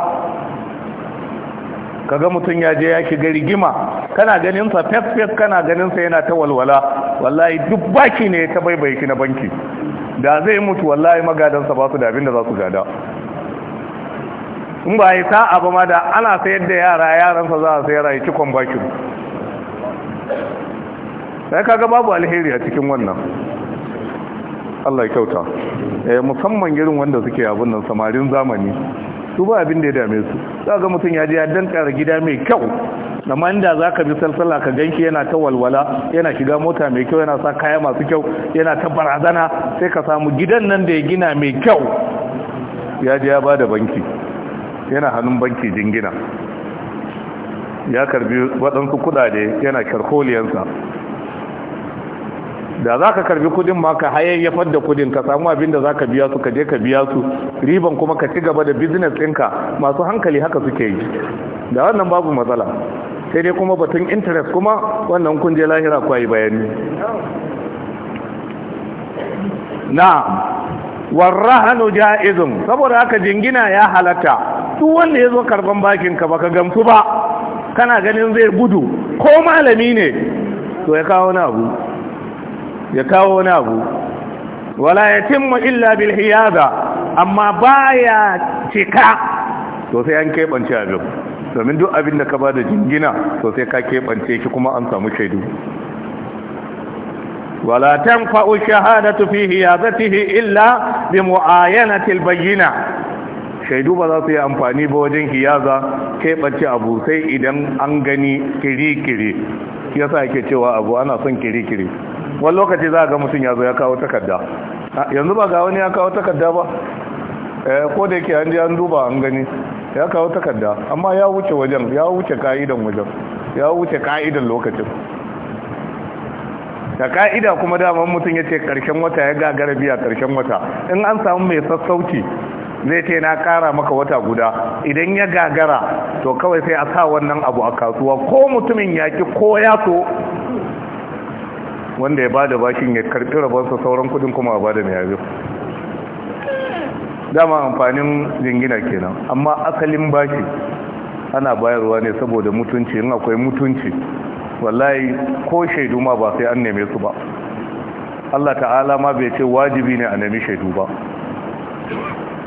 kaga mutum ya je ya shiga rigima kana ganin sa fes kana ganin sa yana ta walwala wallahi duk baki ne ta bai ki na banki da zai mutu wallahi magadansa ba su da abin da za su gada in ba yi ta abu ma da ana sayar da yara yaransa za a sayar a yi cikon bakin sai kaga babu alheri a cikin wannan Allah ya kyauta eh musamman irin wanda suke abun nan samarin zamani su ba abin da ya dame su za ga mutum ya je ya danka gida mai kyau amma inda za ka bi salsala ka ganki yana ta walwala yana shiga mota mai kyau yana sa kaya masu kyau yana ta barazana sai ka samu gidan nan da ya gina mai kyau ya je ya ba banki yana hannun banki jingina ya karbi waɗansu kuɗaɗe, yana karkoliyansa da za ka karbi kudin ma ka hayayyafar da kudin ka samu abin da za ka biya su ka je ka biya su riban kuma ka ci gaba da biznes ɗinka masu hankali haka suke yi da wannan babu matsala sai dai kuma batun intanet kuma wannan kun je lahira kwayi bayani na warrahanu ja'izun saboda haka jingina ya halatta duk wanda ya zo karban bakin ka baka gamsu ba kana ganin zai gudu ko malami ne to ya kawo na abu ya kawo wani abu wala yatimmu illa bil hiyaza amma baya cika to sai an kebance abin domin duk abin da ka ba da jingina to sai ka kebance shi kuma an samu shaidu wala tanfa'u shahadatu fi hiyazatihi illa bi mu'ayanati al bayyina shaidu ba za su yi amfani ba wajen hiyaza keɓance abu sai idan an gani kiri-kiri shi yasa yake cewa abu ana son kiri-kiri wani lokaci za a ga mutum ya zo ya kawo takarda yanzu ba ga wani ya kawo takarda ba eh, ko da yake an je an duba an gani ya kawo takarda amma ya wuce wajen ya wuce ka'idan wajen ya wuce ka'idan lokacin da ka'ida kuma daman mutum ya ce karshen wata ya gagara biya karshen wata in an samu mai sassauci zai ce na kara maka wata guda idan ya gagara to kawai sai a sa wannan abu a kasuwa ko mutumin yaki ko ya so wanda ya bada bashin ya karfi rabarsa sauran kudin kuma ba da mai dama amfanin jingina kenan amma asalin bashi ana bayarwa ne saboda mutunci in akwai mutunci wallahi ko shaidu ma ba sai an neme su ba Allah ta'ala ma bai ce wajibi ne a nemi shaidu ba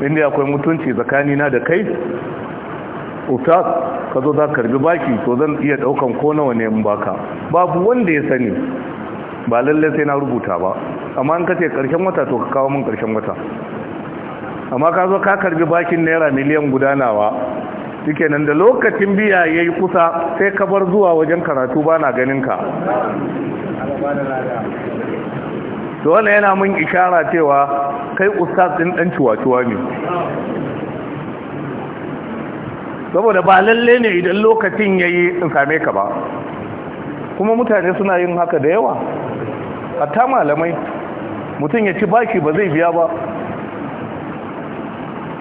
inda akwai mutunci tsakanina da kai ustaz ka zo za karbi baki to zan iya daukan ko nawa ne in baka babu wanda ya sani ba lalle sai na rubuta ba amma an kace karshen wata to ka kawo min karshen wata amma ka zo ka karbi bakin naira miliyan gudanawa shike nan da lokacin biya yayi kusa sai ka bar zuwa wajen karatu bana ganin ka to yana mun ishara cewa kai ustaz din dan ciwatuwa ne saboda ba lalle ne idan lokacin yayi in same ka ba kuma mutane suna yin haka da yawa hatta malamai mutum ya ci baki ba zai biya ba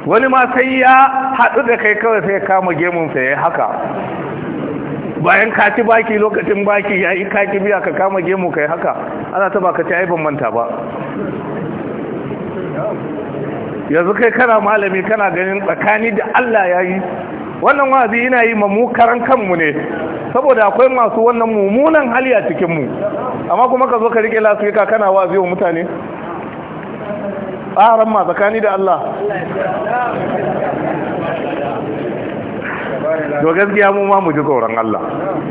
wani ma sai ya haɗu da kai kawai sai kama gemunsa ya yi haka bayan ka ci baki lokacin baki ya yi kaki biya ka kama gemu ka yi haka ana ta baka ka ci aibin manta ba yanzu kai kana malami kana ganin tsakani da Allah ya yi wannan wazi yana yi ma mu karan kanmu ne saboda akwai masu wannan mummunan hali a cikinmu. amma kuma ka zo ka rike lasfika kana wazi wa mutane Tsaron ma tsakani da Allah to gaskiya mu ma mu ji tsoron Allah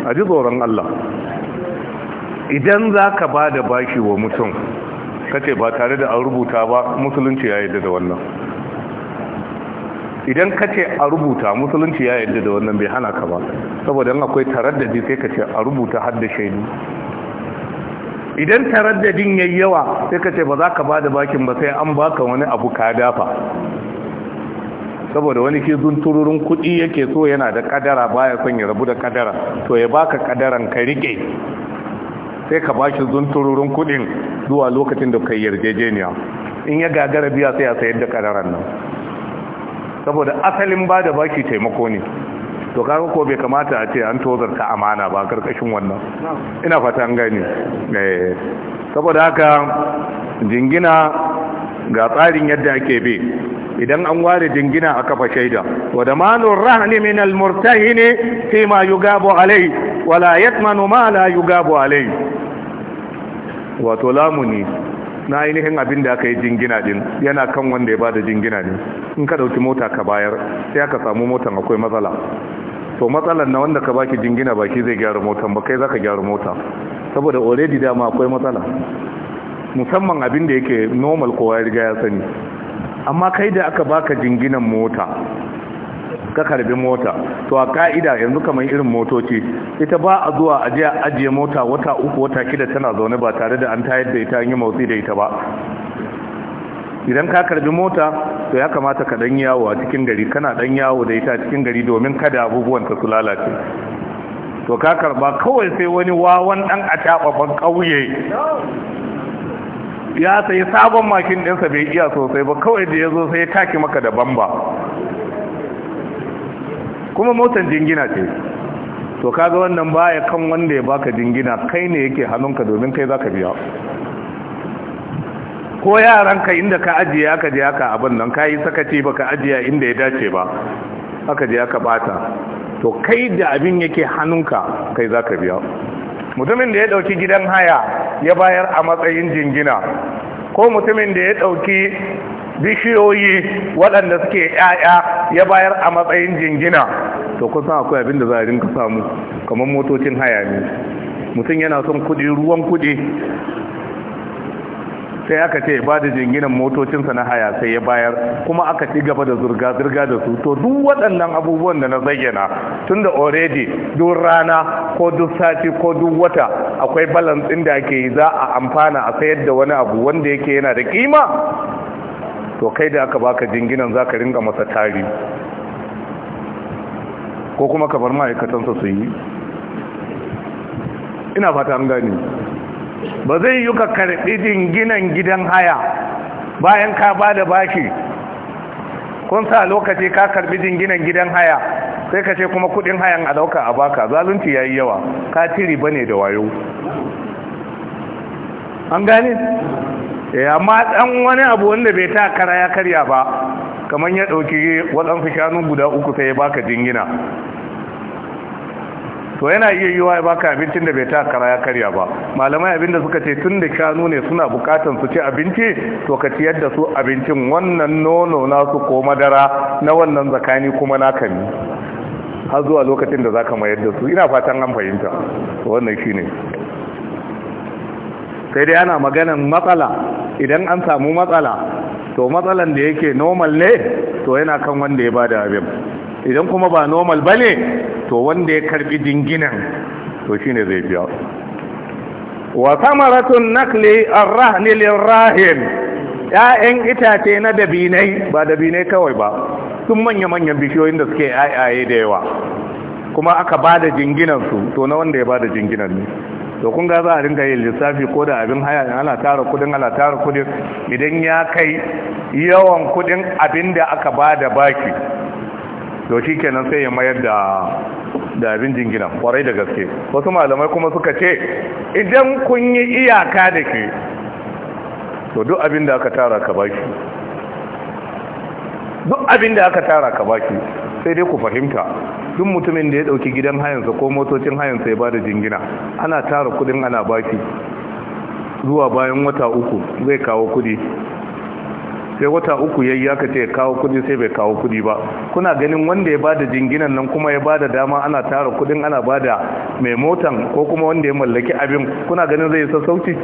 a ji tsoron Allah idan za ka ba da bashi wa mutum ce ba tare da a rubuta ba musulunci ya yadda da wannan idan ka ce a rubuta musulunci ya yadda da wannan bai hana ka ba saboda yana akwai taraddadi sai ka ce a rubuta har da shaidu idan taraddadin yi yawa sai ka ce ba za ka ba da bakin ba sai an baka wani abu ka dafa saboda wani ke tururin kudi yake so yana da kadara baya son ya rabu da kadara to ya baka kadaran ka rike sai ka ba shi zuntururin kudin zuwa lokacin da kai yarjejeniya in ya gagara biya sai ya sayar da kararan nan saboda asalin ba da baki taimako ne to kaga ko bai kamata a ce an tozarta amana ba karkashin wannan ina fata an gani eh, saboda haka jingina ga tsarin yadda ake bi idan an ware jingina a kafa shaida wa da malun rahani min almurtahi ne fi ma yugabu alai wala yatmanu ma la yugabu alai wato lamuni na ainihin abin da aka yi jingina din yana kan wanda ya bada jingina din. in ka dauki mota ka bayar sai aka samu motan akwai matsala to matsalar na wanda ka baki jingina baki zai gyara motan ba kai zaka gyara mota saboda already dama akwai matsala musamman abin da yake normal kowa ya riga ya sani amma kai da aka baka jinginan mota ka karbi mota to a ka'ida yanzu kamar irin motoci ita ba a zuwa ajiye ajiye mota wata uku wata kida tana zaune ba tare da an tayar da ita an yi motsi da ita ba idan ka karbi mota to ya kamata ka dan yawo a cikin gari kana dan yawo da ita cikin gari domin kada abubuwan ta su lalace to ka karba kawai sai wani wawan dan atababan kauye ya sayi sabon makin ɗinsa bai iya sosai ba kawai da ya zo sai ya taki maka da bamba kuma motan jingina ce to kaga wannan baya kan wanda ya baka jingina kai ne yake hannunka domin kai zaka biya ko yaranka inda ka ajiye aka je aka abin nan ka yi sakaci baka ka ajiye inda ya dace ba aka je aka bata to kai da abin yake hannunka kai zaka biya mutumin da ya ɗauki gidan haya ya bayar a matsayin jingina ko mutumin da ya ɗauki bishiyoyi waɗanda suke ƴaƴa ya bayar a matsayin jingina to kusan akwai abin da za a rinka samu kamar motocin haya ne mutum yana son kuɗi ruwan kuɗi sai aka ce ba da jinginan motocinsa na haya sai ya bayar kuma aka ci gaba da zurga-zurga da su to duk waɗannan abubuwan da na zayyana tun da already duk rana ko duk sati ko duk wata akwai balance ɗin da ake yi za a amfana a sayar da wani abu wanda yake yana da kima to kai da aka baka jinginan za ka ringa masa tari ko kuma ka bar ma'aikatansa su yi ina fata an gani ba zai yi ka karɓi jinginan gidan haya bayan ka ba da baki, kun sa lokaci ka karɓi jinginan gidan haya sai ka ce kuma kudin hayan a dauka a baka zalunci ya yi yawa ka tiri ba ne da wayo an gane eh, amma ɗan wani abu wanda bai ta kara ya karya ba kamar ya ɗauki waɗansu shanu guda uku sai ya baka jingina to yana iya yi wa baka abincin da bai ta kara ya karya ba malamai abinda suka ce tun da shanu ne suna bukatan su ci abinci to ka ciyar da su abincin wannan nono nasu ko madara na wannan zakani kuma na kan har zuwa lokacin da zaka mayar da su ina fatan an fahimta wannan shi ne. sai dai ana maganan matsala idan an samu matsala to matsalan da yake normal ne to yana kan wanda ya bada abin idan kuma ba normal ba ne, to wanda ya karbi dinginan to shi ne zai biya wa samaratun nakli arrahni lirrahin ya'yan itace na dabinai ba dabinai kawai ba sun manya-manyan bishiyoyin da suke ayaye da yawa kuma aka bada da jinginansu to na wanda ya bada da jinginan ne to kun ga za a ringa yin lissafi ko da abin haya in ana tara kudin ana tara kudin idan ya kai yawan kudin abin da aka ba da baki to shi kenan sai ya mayar da abin jingina kwarai da gaske wasu malamai kuma suka ce idan kun yi iyaka da ke to duk abin da aka tara ka baki duk abin da aka tara ka baki sai dai ku fahimta duk mutumin da ya dauki gidan hayansa ko motocin hayansa ya bada jingina ana tara kudin ana baki zuwa bayan wata uku zai kawo kudi sai wata uku ya yi aka ce kawo kudi sai bai kawo kudi ba kuna ganin wanda ya bada jinginan nan kuma ya bada dama ana tara kudin ana bada mai motan ko kuma wanda ya mallaki abin kuna ganin zai sassauci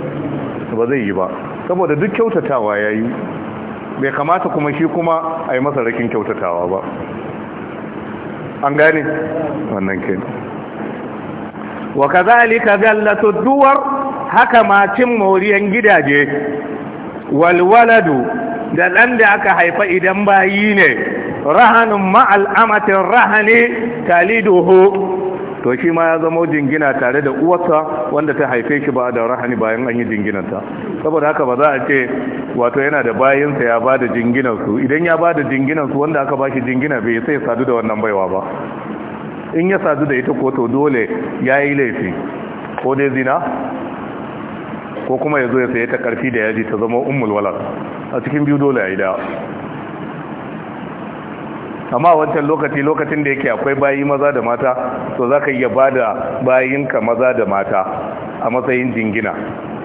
ba zai yi ba saboda duk kyautatawa ya yi, bai kamata kuma shi kuma a yi masa rakin kyautatawa ba an gane wannan kenan wa kazalika gallatu duwar haka ma cin gidaje walwaladu da ɗan da aka haifa idan bayi ne rahanun ma'al'amatin rahani taliduhu to shi ma ya zama jingina tare da uwarsa wanda ta haife shi ba da rahani bayan an yi jinginanta saboda haka ba za a ce wato yana da bayansa ya ba da jinginansu idan ya ba da jinginansu wanda aka ba shi jingina bai sai sadu da wannan baiwa ba in ya sadu da ita ko to dole ya yi laifi ko dai zina ko kuma ya zo ya saye ta karfi da yaji ta zama umul walad a cikin biyu dole ya yi da amma wancan lokaci lokacin da yake akwai bayi maza da mata to za ka iya ba da bayinka maza da mata a matsayin jingina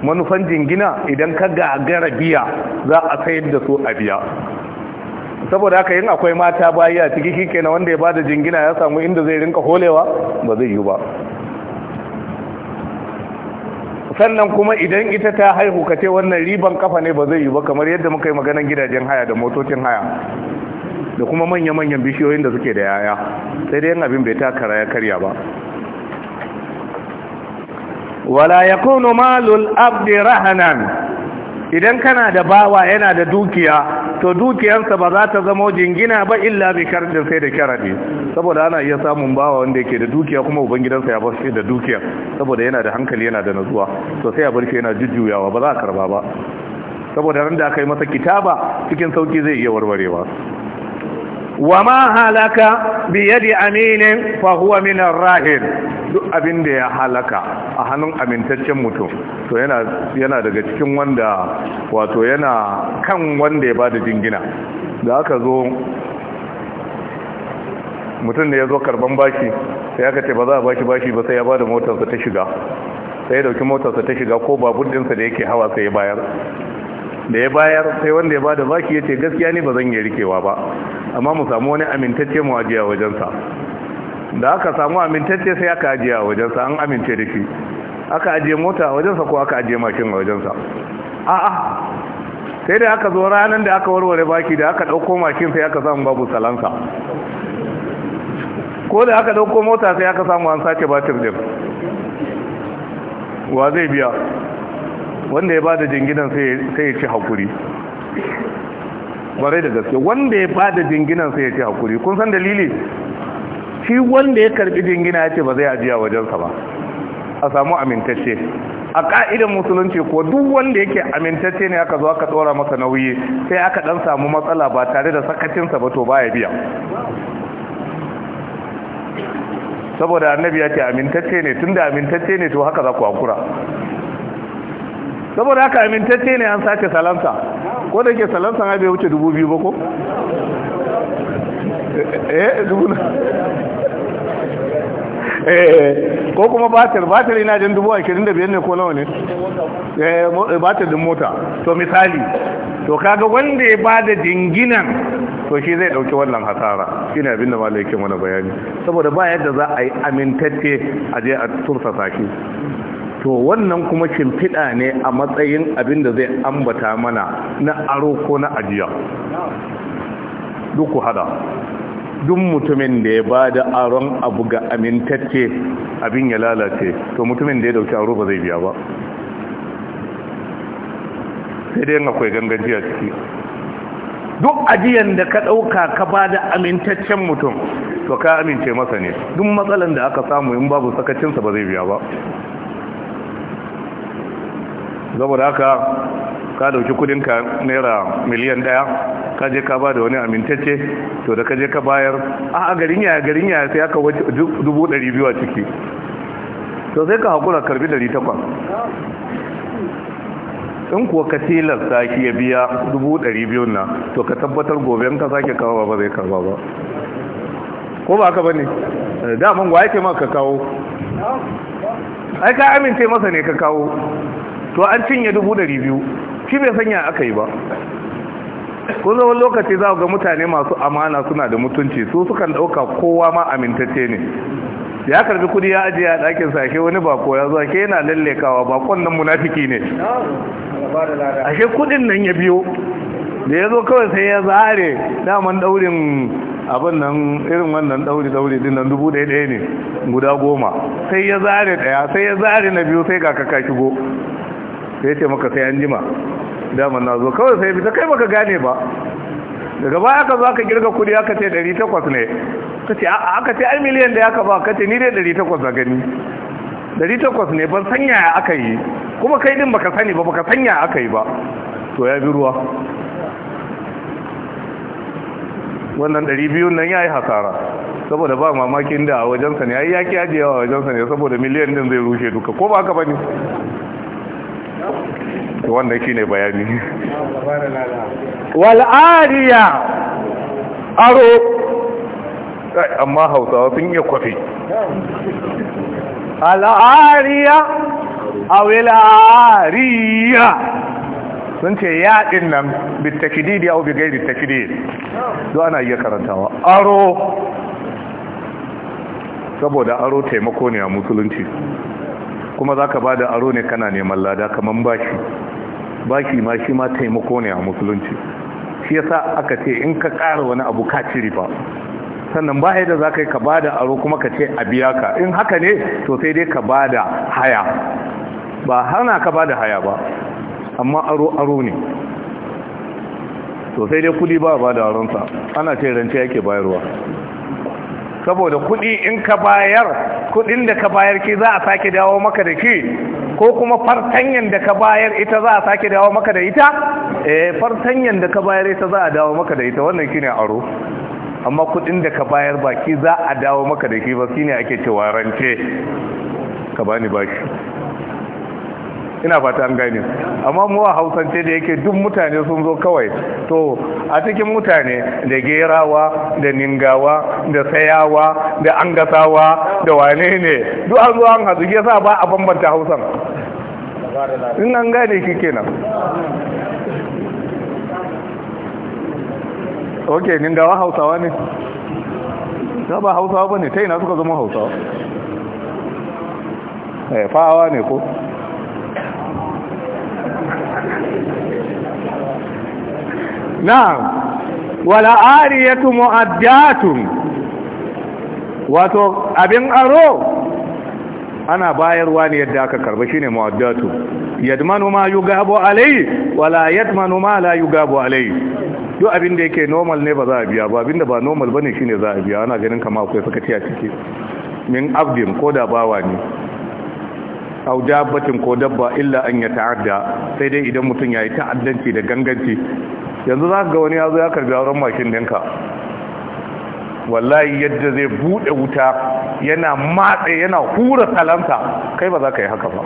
manufan jingina idan ka gagara biya za a sayar da su a biya saboda haka yin akwai mata bayi a ciki shi kenan wanda ya ba da jingina ya samu inda zai rinka holewa ba zai yi ba sannan kuma idan ita ta haihu ka ce wannan riban kafa ne ba zai yi ba kamar yadda muka yi maganan gidajen haya da motocin haya da kuma manya-manyan bishiyoyin da suke da yaya sai dai abin bai takara ya karya ba wala ya kuno malul abdi rahanan idan kana da bawa yana da dukiya to dukiyarsa ba za ta zama jingina ba illa bi sharadin sai da sharadi saboda ana iya samun bawa wanda yake da dukiya kuma ubangidansa ya bar shi da dukiya saboda yana da hankali yana da nazuwa to sai ya bar shi yana jujjuyawa ba za a karba ba saboda ran da aka yi masa kitaba cikin sauki zai iya warwarewa wa ma halaka bi yadi aminin fa huwa min ar duk abin da ya halaka a hannun amintaccen mutum to yana daga cikin wanda wato yana kan wanda ya bada jingina da aka zo mutum da ya zo karban bashi sai aka ce ba za a bashi bashi ba sai ya bada motarsa ta shiga sai ya dauki motarsa ta shiga ko babur dinsa da yake hawa sai ya bayar da ya bayar sai wanda ya ba da baki ya ce gaskiya ne ba zan yi rikewa ba amma mu samu wani amintacce mu ajiya wajensa da aka samu amintacce sai aka ajiya wajensa an amince da shi aka ajiye mota a wajensa ko aka ajiye mashin a wajensa a'a sai da aka zo ranar da aka warware baki da aka ɗauko mashin sai aka samu babu salansa ko da aka ɗauko mota sai aka samu an sace batir ɗin wa zai biya wanda ya ba da jinginan sai ya ci haƙuri ƙwarai da gaske wanda ya ba da jinginan sai ya ci hakuri kun san dalili shi wanda ya karbi jingina ya ce ba zai ajiya wajensa ba a samu amintacce a ka'idan musulunci ko duk wanda yake amintacce ne aka zo aka tsora masa nauyi sai aka dan samu matsala ba tare da sakacinsa ba to baya biya saboda annabi ya ce amintacce ne tunda amintacce ne to haka za ku hakura saboda haka amintacce ne an sake salamsa ko da ke salamsa ya bai wuce dubu biyu ba ko eh, eh dubu na eh, eh, eh ko kuma batir batir ina jin dubu ashirin da biyar ne ko nawa ne eh batir din mota to misali to kaga wanda ya bada dinginan to shi zai dauki wannan hasara shi abin da malai yake mana bayani saboda ba yadda za a yi amintacce a je a tursa saki to wannan kuma shimfiɗa ne a matsayin abin da zai ambata mana na aro ko na ajiya duk hada duk mutumin da ya ba da aron abu ga amintacce abin ya lalace to mutumin da ya dauki aro ba zai biya ba sai dai akwai a ciki duk ajiyan da ka ɗauka ka ba da amintaccen mutum to ka amince masa ne duk matsalan da aka samu in babu sakacinsa ba zai biya ba saboda haka ka dauki kudinka naira miliyan daya ka je ka ba da wani amintacce to da ka je ka bayar a garin yaya garin yaya sai aka wace dubu dari biyu a ciki to sai ka haƙura karbi dari takwas in kuwa ka tilasta ki ya biya dubu dari biyun na to ka tabbatar gobe in ka sake kawo ba zai karba ba ko ba ka ba ne eh, daman wa yake ma ka kawo ai ka amince masa ne ka kawo to an cinye dubu dari biyu shi bai sanya aka yi ba kun zaman lokaci za ga mutane masu amana suna da mutunci su sukan ɗauka kowa ma amintacce ne ya karbi kudi ya ajiye a ɗakin sake wani bako ya zuwa ke yana lallekawa bakon nan munafiki ne ashe kudin nan ya biyo da ya zo kawai sai ya zare daman daurin abin nan irin wannan dauri dauri din nan dubu ɗaya ɗaya ne guda goma sai ya zare ɗaya sai ya zare na biyu sai ga kaka shigo sai ce maka sai an jima daman na zo kawai sai bisa kai maka gane ba daga baya aka zo aka girga kudi aka ce 800 ne ka ce aka ce ai miliyan da aka ba ka ce ni dai 800 a gani 800 ne ban sanya aka yi kuma kai din baka sani ba baka sanya aka yi ba to ya bi ruwa wannan 200 nan ya yi hasara saboda ba mamakin da a wajensa ne ya yi yaki ajiyewa a wajensa ne saboda miliyan din zai rushe duka ko ba ka ba ne wannan ne bayani wal aro amma hausawa sun iya kwafi al a aw sun ce yaɗin nan bitakididi au bi gairi takididi zo ana iya karantawa aro saboda aro taimako ne a musulunci kuma za ka ba da aro ne kana neman lada kamar bashi bashi ma shi ma taimako ne a musulunci shi yasa aka ce in ka ƙara wani abu ka ciri ba sannan ba yadda za ka yi ka ba da aro kuma ka ce a biya ka in haka ne to sai dai ka ba da haya ba hana ka ba da haya ba amma aro aro ne to sai dai kudi ba ba da aronsa ana ce rance yake bayarwa saboda kuɗi in ka bayar kuɗin da ka bayar ki za a sake dawo maka da ki ko kuma fartanyan da ka bayar ita za a sake dawo maka da ita eh fartanyan da ka bayar ita za a dawo maka da ita wannan shine aro amma kuɗin da ka bayar baki za a dawo maka da ki ba shine ake cewa rance ka bani bashi ina fata an gane amma mu a hausance da yake duk mutane sun zo kawai to a cikin mutane da gerawa da ningawa da sayawa da angasawa da wane ne duk an zo an hatsu ke sa ba a bambanta hausan in an gane shi kenan ok ningawa hausawa ne ta ba hausawa ba ne ta ina suka zama hausawa eh, fawa ne ko na'am wala ariyatu mu'addatun wato abin aro ana bayarwa ne yadda aka karba shine mu'addatu yadmanu ma yugabu alai wala yadmanu ma la yugabu alai duk abin da yake normal ne ba za a biya ba abin da ba normal bane shine za a biya ana ganin kama akwai sakaci a ciki min abdin ko da bawa ne au dabbatin ko dabba illa an ya ta'adda sai dai idan mutum yayi ta'addanci da ganganci yanzu za ka ga wani ya zo ya karbi auren makin ɗinka wallahi yadda zai buɗe wuta yana matse yana hura talanta kai ba za ka yi haka ba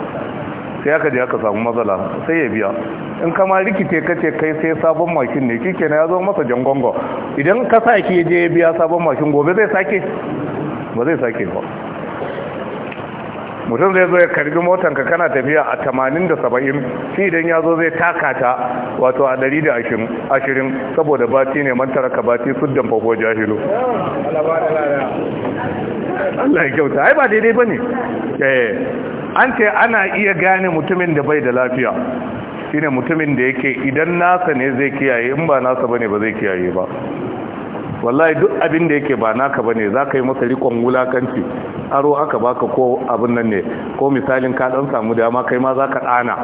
sai aka je aka samu matsala sai ya biya in kama rikice kace kai sai sabon makin ne kike na ya zo masa jangongo idan ka sake je ya biya sabon makin gobe zai sake ba zai sake ba mutum zai zo ya karbi ka kana tafiya a tamanin da saba'in shi idan ya zo zai taka ta wato a dari da ashirin saboda bati ne man taraka bati suddan faho jahilu Allah ya kyauta ai ba daidai bane eh an ce ana iya gane mutumin da bai da lafiya shine mutumin da yake idan nasa ne zai kiyaye in ba nasa bane ba zai kiyaye ba wallahi duk abin da yake ba naka bane za ka yi masa rikon wulakanci aro aka baka ko abin nan ne ko misalin ka dan samu dama kai ma za ka ɗana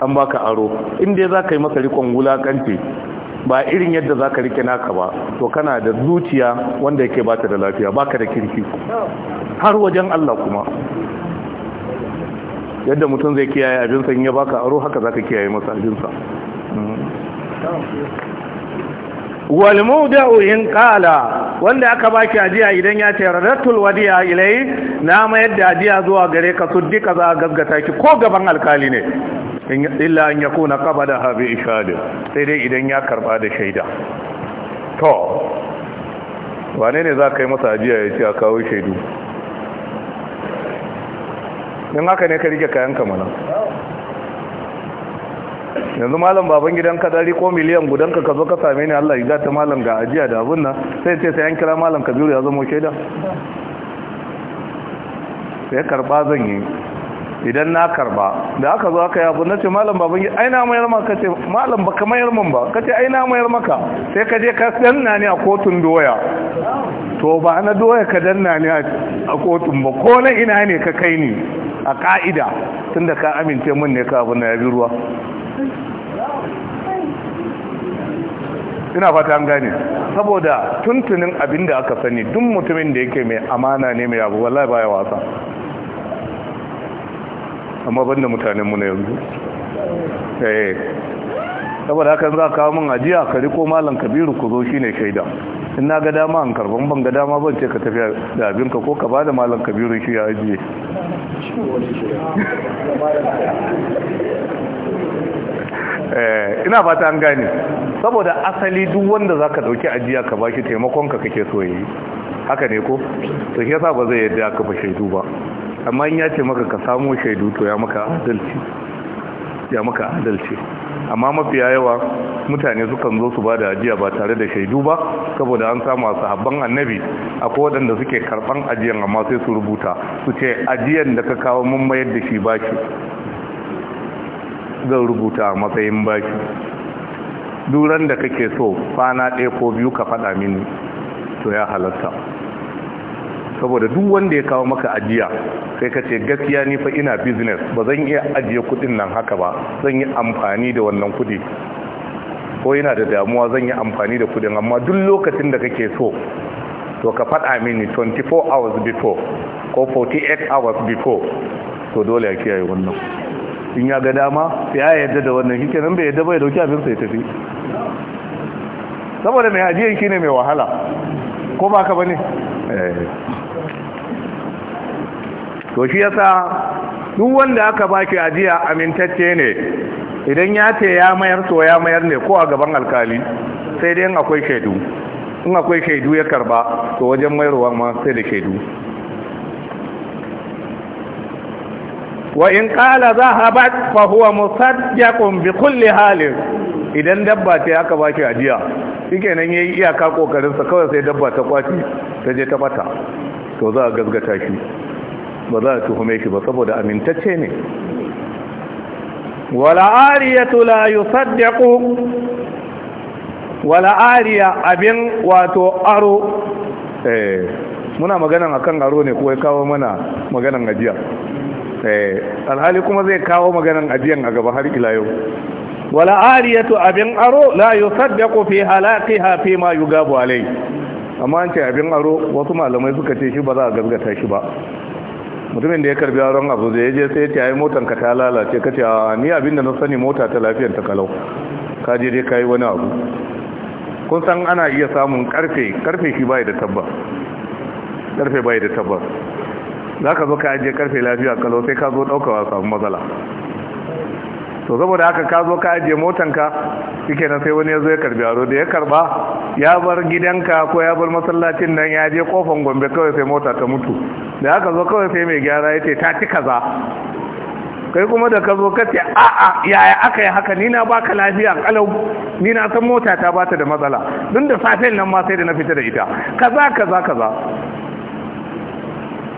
an baka aro inda za ka yi masa rikon wulakanci ba irin yadda za ka rike naka ba to kana da zuciya wanda yake ba ta da lafiya baka da kirki har wajen Allah kuma yadda mutum zai kiyaye abinsa in ya baka aro haka za ka kiyaye masa abinsa hmm. walmuda'u in qala wanda aka baki ajiya idan ya ce radatul wadiya ilai na mayar da ajiya zuwa gare ka suddika za a gaggata ki ko gaban alkali ne illa an yakuna qabada ha bi ishadin sai dai idan ya karba da shaida to wane ne za ka yi masa ajiya ya ce a kawo shaidu in haka ne ka rike kayan mana? yanzu malam baban gidan ka dari ko miliyan gudan ka zo ka same ni Allah ya gata malam ga ajiya da abun nan sai ce sai an kira malam Kabiru ya zama shaida sai karba zan yi idan na karba da aka zo aka yi abu na ce malam baban gidan aina mayar maka ce malam ba ka mayar min ba ka ce aina mayar maka sai ka je ka danna ni a kotun doya to ba na doya ka danna ni a kotun ba ko na ina ne ka kai ni a ka'ida tunda ka amince min ne ka abu na bi ruwa ina fata an gane saboda tuntunin abin da aka sani duk mutumin da yake mai amana ne mai abu wallahi baya wasa amma banda mutanen mu na yanzu eh saboda haka za ka kawo min ajiya ka riko malam kabiru ku zo shine shaida in na ga dama an karban ban ga dama ban ce ka tafi da abin ka ko ka bada malam kabiru shi ya ajiye Eh, ina fata an gane saboda asali duk wanda zaka dauki ajiya ka bashi taimakon ka kake so yi haka ne ko to shi yasa ba zai yadda ka fa shaidu ba amma in ya ce maka ka samu shaidu to ya maka adalci ya maka adalci amma mafiya yawa mutane sukan zo su bada ajiya ba tare da shaidu ba saboda an samu sahabban annabi akwai waɗanda suke karɓan ajiyan amma sai su rubuta su ce ajiyan da ka kawo mun mayar da shi baki zan rubuta a matsayin baki duran da kake so kwana ɗaya ko biyu ka faɗa mini to ya halatta saboda duk wanda ya kawo maka ajiya sai ka ce gaskiya ni fa ina business ba zan iya ajiye kudin nan haka ba zan yi amfani da wannan kudi ko yana da damuwa zan yi amfani da kudin amma duk lokacin da kake so to ka faɗa mini 24 hours before ko 48 hours before to dole ya kiyaye wannan in ya ga dama ya yarda da wannan shi kenan bai yarda bai dauki abin sai tafi saboda mai hajiyar shi ne mai wahala ko ba ka bane eh. to shi yasa duk wanda aka baki ajiya amintacce ne idan ya ce ya mayar to ya mayar ne ko a gaban alkali sai dai in akwai shaidu in akwai shaidu ya karba to wajen mayarwa ma sai da shaidu wa in qala zahabat fa huwa musaddaqun bi kulli halin idan dabba ta aka baki ajiya shikenan yayi iyaka kokarin sa kawai sai dabba ta kwaci ta je ta bata to za a gazgata shi ba za a tuhume shi ba saboda amintacce ne wala ariyatu la yusaddiqu wala ariya abin wato aro eh muna maganan akan aro ne ko kawo mana maganan ajiya Eh, alhali kuma zai kawo maganan ajiyan a gaba har ila yau wala ariyatu abin aro la yusaddaqu fi halaqiha fi ma yugabu alai amma an ce abin aro wasu malamai suka ce shi ba za a gaskata shi ba mutumin da ya karbi aron abu zai ya je sai ya ce ai motan ka ta lalace kace a ni abinda na sani mota ta lafiyar ta kalau ka je dai kai wani abu kun san ana iya samun karfe karfe shi bai da tabbas karfe bai da tabbas za ka zo ka ajiye karfe lafiya kalau sai ka zo daukawa samu matsala to saboda haka ka zo ka ajiye motanka suke na sai wani ya zo ya karbi aro da ya karba ya bar gidanka ko ya bar masallacin nan ya je kofan gombe kawai sai mota ta mutu da haka zo kawai sai mai gyara ya ce ta ci kaza kai kuma da ka zo ka ce a a yaya aka yi haka ni na baka lafiya kalau ni na san mota ta bata da matsala duk da safen nan ma sai da na fita da ita kaza kaza kaza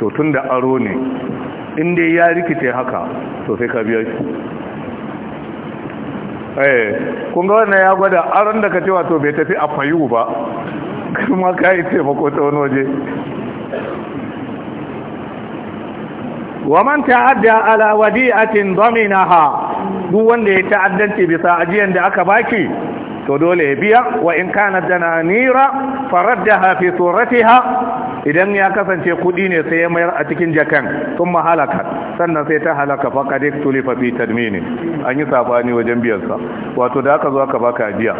to tun da aro ne inda ya rikice haka to sai ka biya shi eh kun wannan ya gwada aron da ka ce wato bai tafi a fayu ba kuma ka yi taimako ta wani waje wa man ta'adda ala wadi'atin daminaha duk wanda ya ta'addanci bisa ajiyan da aka baki to dole ya biya wa in kana dananira faraddaha fi suratiha idan ya kasance kudi ne sai ya mayar a cikin jakan sun mahalaka sannan sai ta halaka faqad iktulifa fi tadmini an yi sabani wajen biyan sa wato da aka zo aka baka biya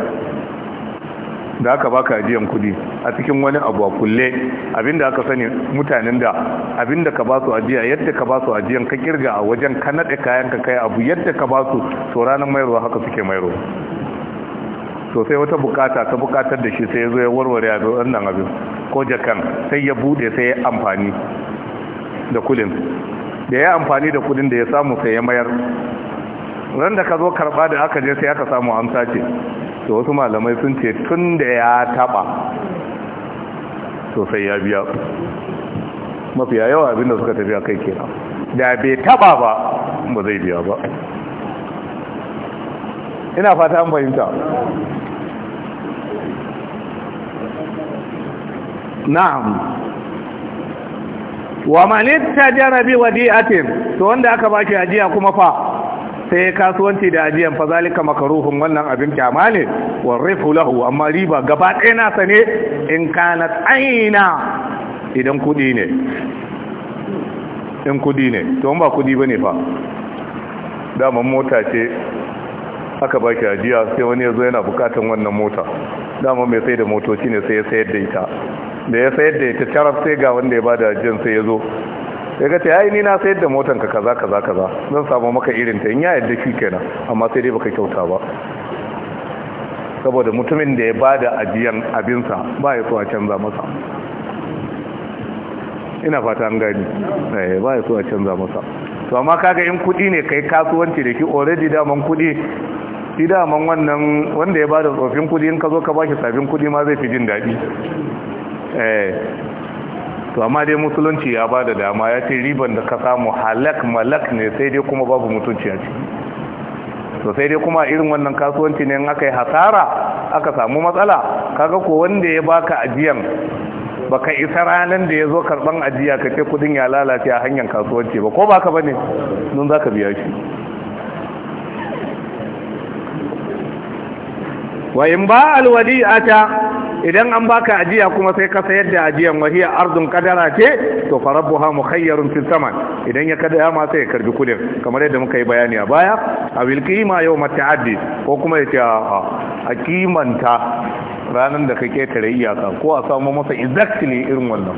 da aka baka ajiyan kudi a cikin wani abu a kulle abinda aka sani mutanen da abinda ka ba su ajiya yadda ka ba su ajiyan ka kirga a wajen ka nade kayan ka kai abu yadda ka ba su to ranar mayarwa haka suke mayarwa to sai wata bukata ta bukatar da shi sai ya zo ya warware a nan abin ko jakan sai ya bude sai ya amfani da kudin da ya amfani da kudin da ya samu sai ya mayar ran da ka zo karba da aka je sai aka samu amsa ce to wasu malamai sun ce tun da ya taba to sai ya biya mafiya yawa abinda suka tafi a kai kenan da bai taba ba ba zai biya ba ina fata an fahimta na'am wa tajara jarabi wadi'atin to wanda aka baki ajiya kuma fa sai kasuwanci da ajiyan fa zalika makruhun wannan abin kyama ne rifu lahu amma riba gaba ɗaya na sane in kana aina idan kudi ne in kudi ne to ba kudi bane fa dama mota ce aka ba ajiya sai wani yazo yana bukatan wannan mota dama mai sai da motoci ne sai ya sayar da ita da ya sayar da ya ta taraf sai ga wanda ya ba da jin sai ya zo ya ga ta yayi ni na sayar da motan ka kaza kaza kaza zan samu maka irin ta in ya yadda shi kenan amma sai dai baka kyauta ba saboda mutumin da ya ba da ajiyan abinsa ba ya so a canza masa ina fata an gani eh, ba ya so a canza masa to amma kaga in kudi ne kai kasuwanci da ki already daman kudi shi daman wannan wanda ya bada tsofin kudi in ka zo ka shi sabin kudi ma zai fi jin daɗi Eh. to amma dai musulunci ya bada dama ya ce riban da ka samu halak malak ne sai dai kuma babu mutunci a ciki to sai dai kuma irin wannan kasuwanci ne in aka yi hasara aka samu matsala kaga ko wanda ya baka ajiyan baka isa ranar da ya zo karban ajiya ka ce kudin ya lalace a hanyar kasuwanci ba ko baka bane nun zaka biya shi wa in ba alwadi'ata idan an baka ajiya kuma sai ka sayar da ajiyan wahiya ardun kadara ce to fa mukhayyarun fil saman idan ya kada ma sai ya karbi kudin kamar yadda muka yi bayani a baya a bil qima yawma ta'addi ko kuma yace a kimanta ranan da ka ketare iyaka ko a samu masa exactly irin wannan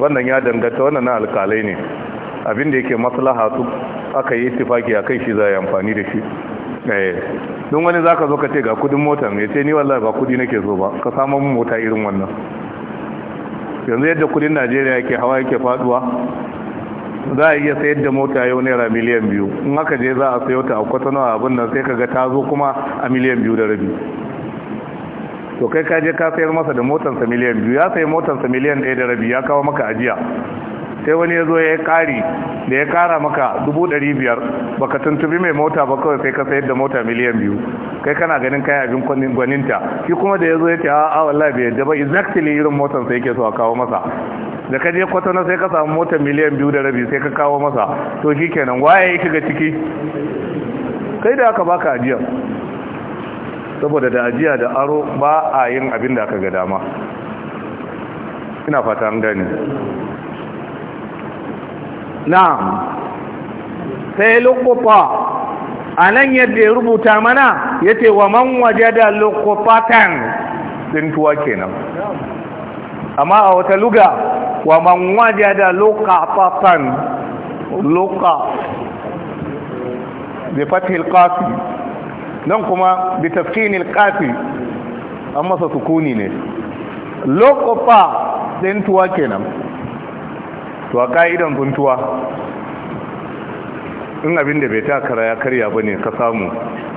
wannan ya danganta wannan na alkalai ne abin da yake maslaha su aka yi ittifaki akai shi za a yi amfani da shi eh. don wani zaka zo ka ce ga kudin mota mai ce ni wallahi ba kudi nake so ba ka samu mota irin wannan yanzu yadda kudin Najeriya yake hawa yake faduwa za a iya sayar da mota yau naira miliyan biyu in aka je za a sayo ta a kwatano a abin nan sai ka ga ta zo kuma a miliyan biyu da rabi to kai ka je ka sayar masa da motansa miliyan biyu ya sayi motansa miliyan ɗaya da rabi ya kawo maka ajiya sai wani ya zo ya yi kari da ya kara maka dubu baka tuntubi mai mota ba kawai sai ka sayar da mota miliyan biyu kai kana ganin kayan abin gwaninta shi kuma da ya zo ya ce a wallahi bai yadda ba exactly irin motar sai ke so a kawo masa da ka je kwatano sai ka samu motar miliyan biyu da rabi sai ka kawo masa to shi kenan waye ya shiga ciki kai da aka baka ajiya saboda da ajiya da aro ba a yin abin da aka ga dama ina fata an gani na'am sai lukuta a nan yadda ya rubuta mana ya ce wa man waje da lukutatan tsintuwa kenan amma a wata luga wa man waje da lukutatan luka da fatihil kafi nan kuma da tafkinil kafi an masa sukuni ne lukuta tsintuwa kenan to a ka'idan tsuntuwa in abin da bai takara ya karya ba ne ka samu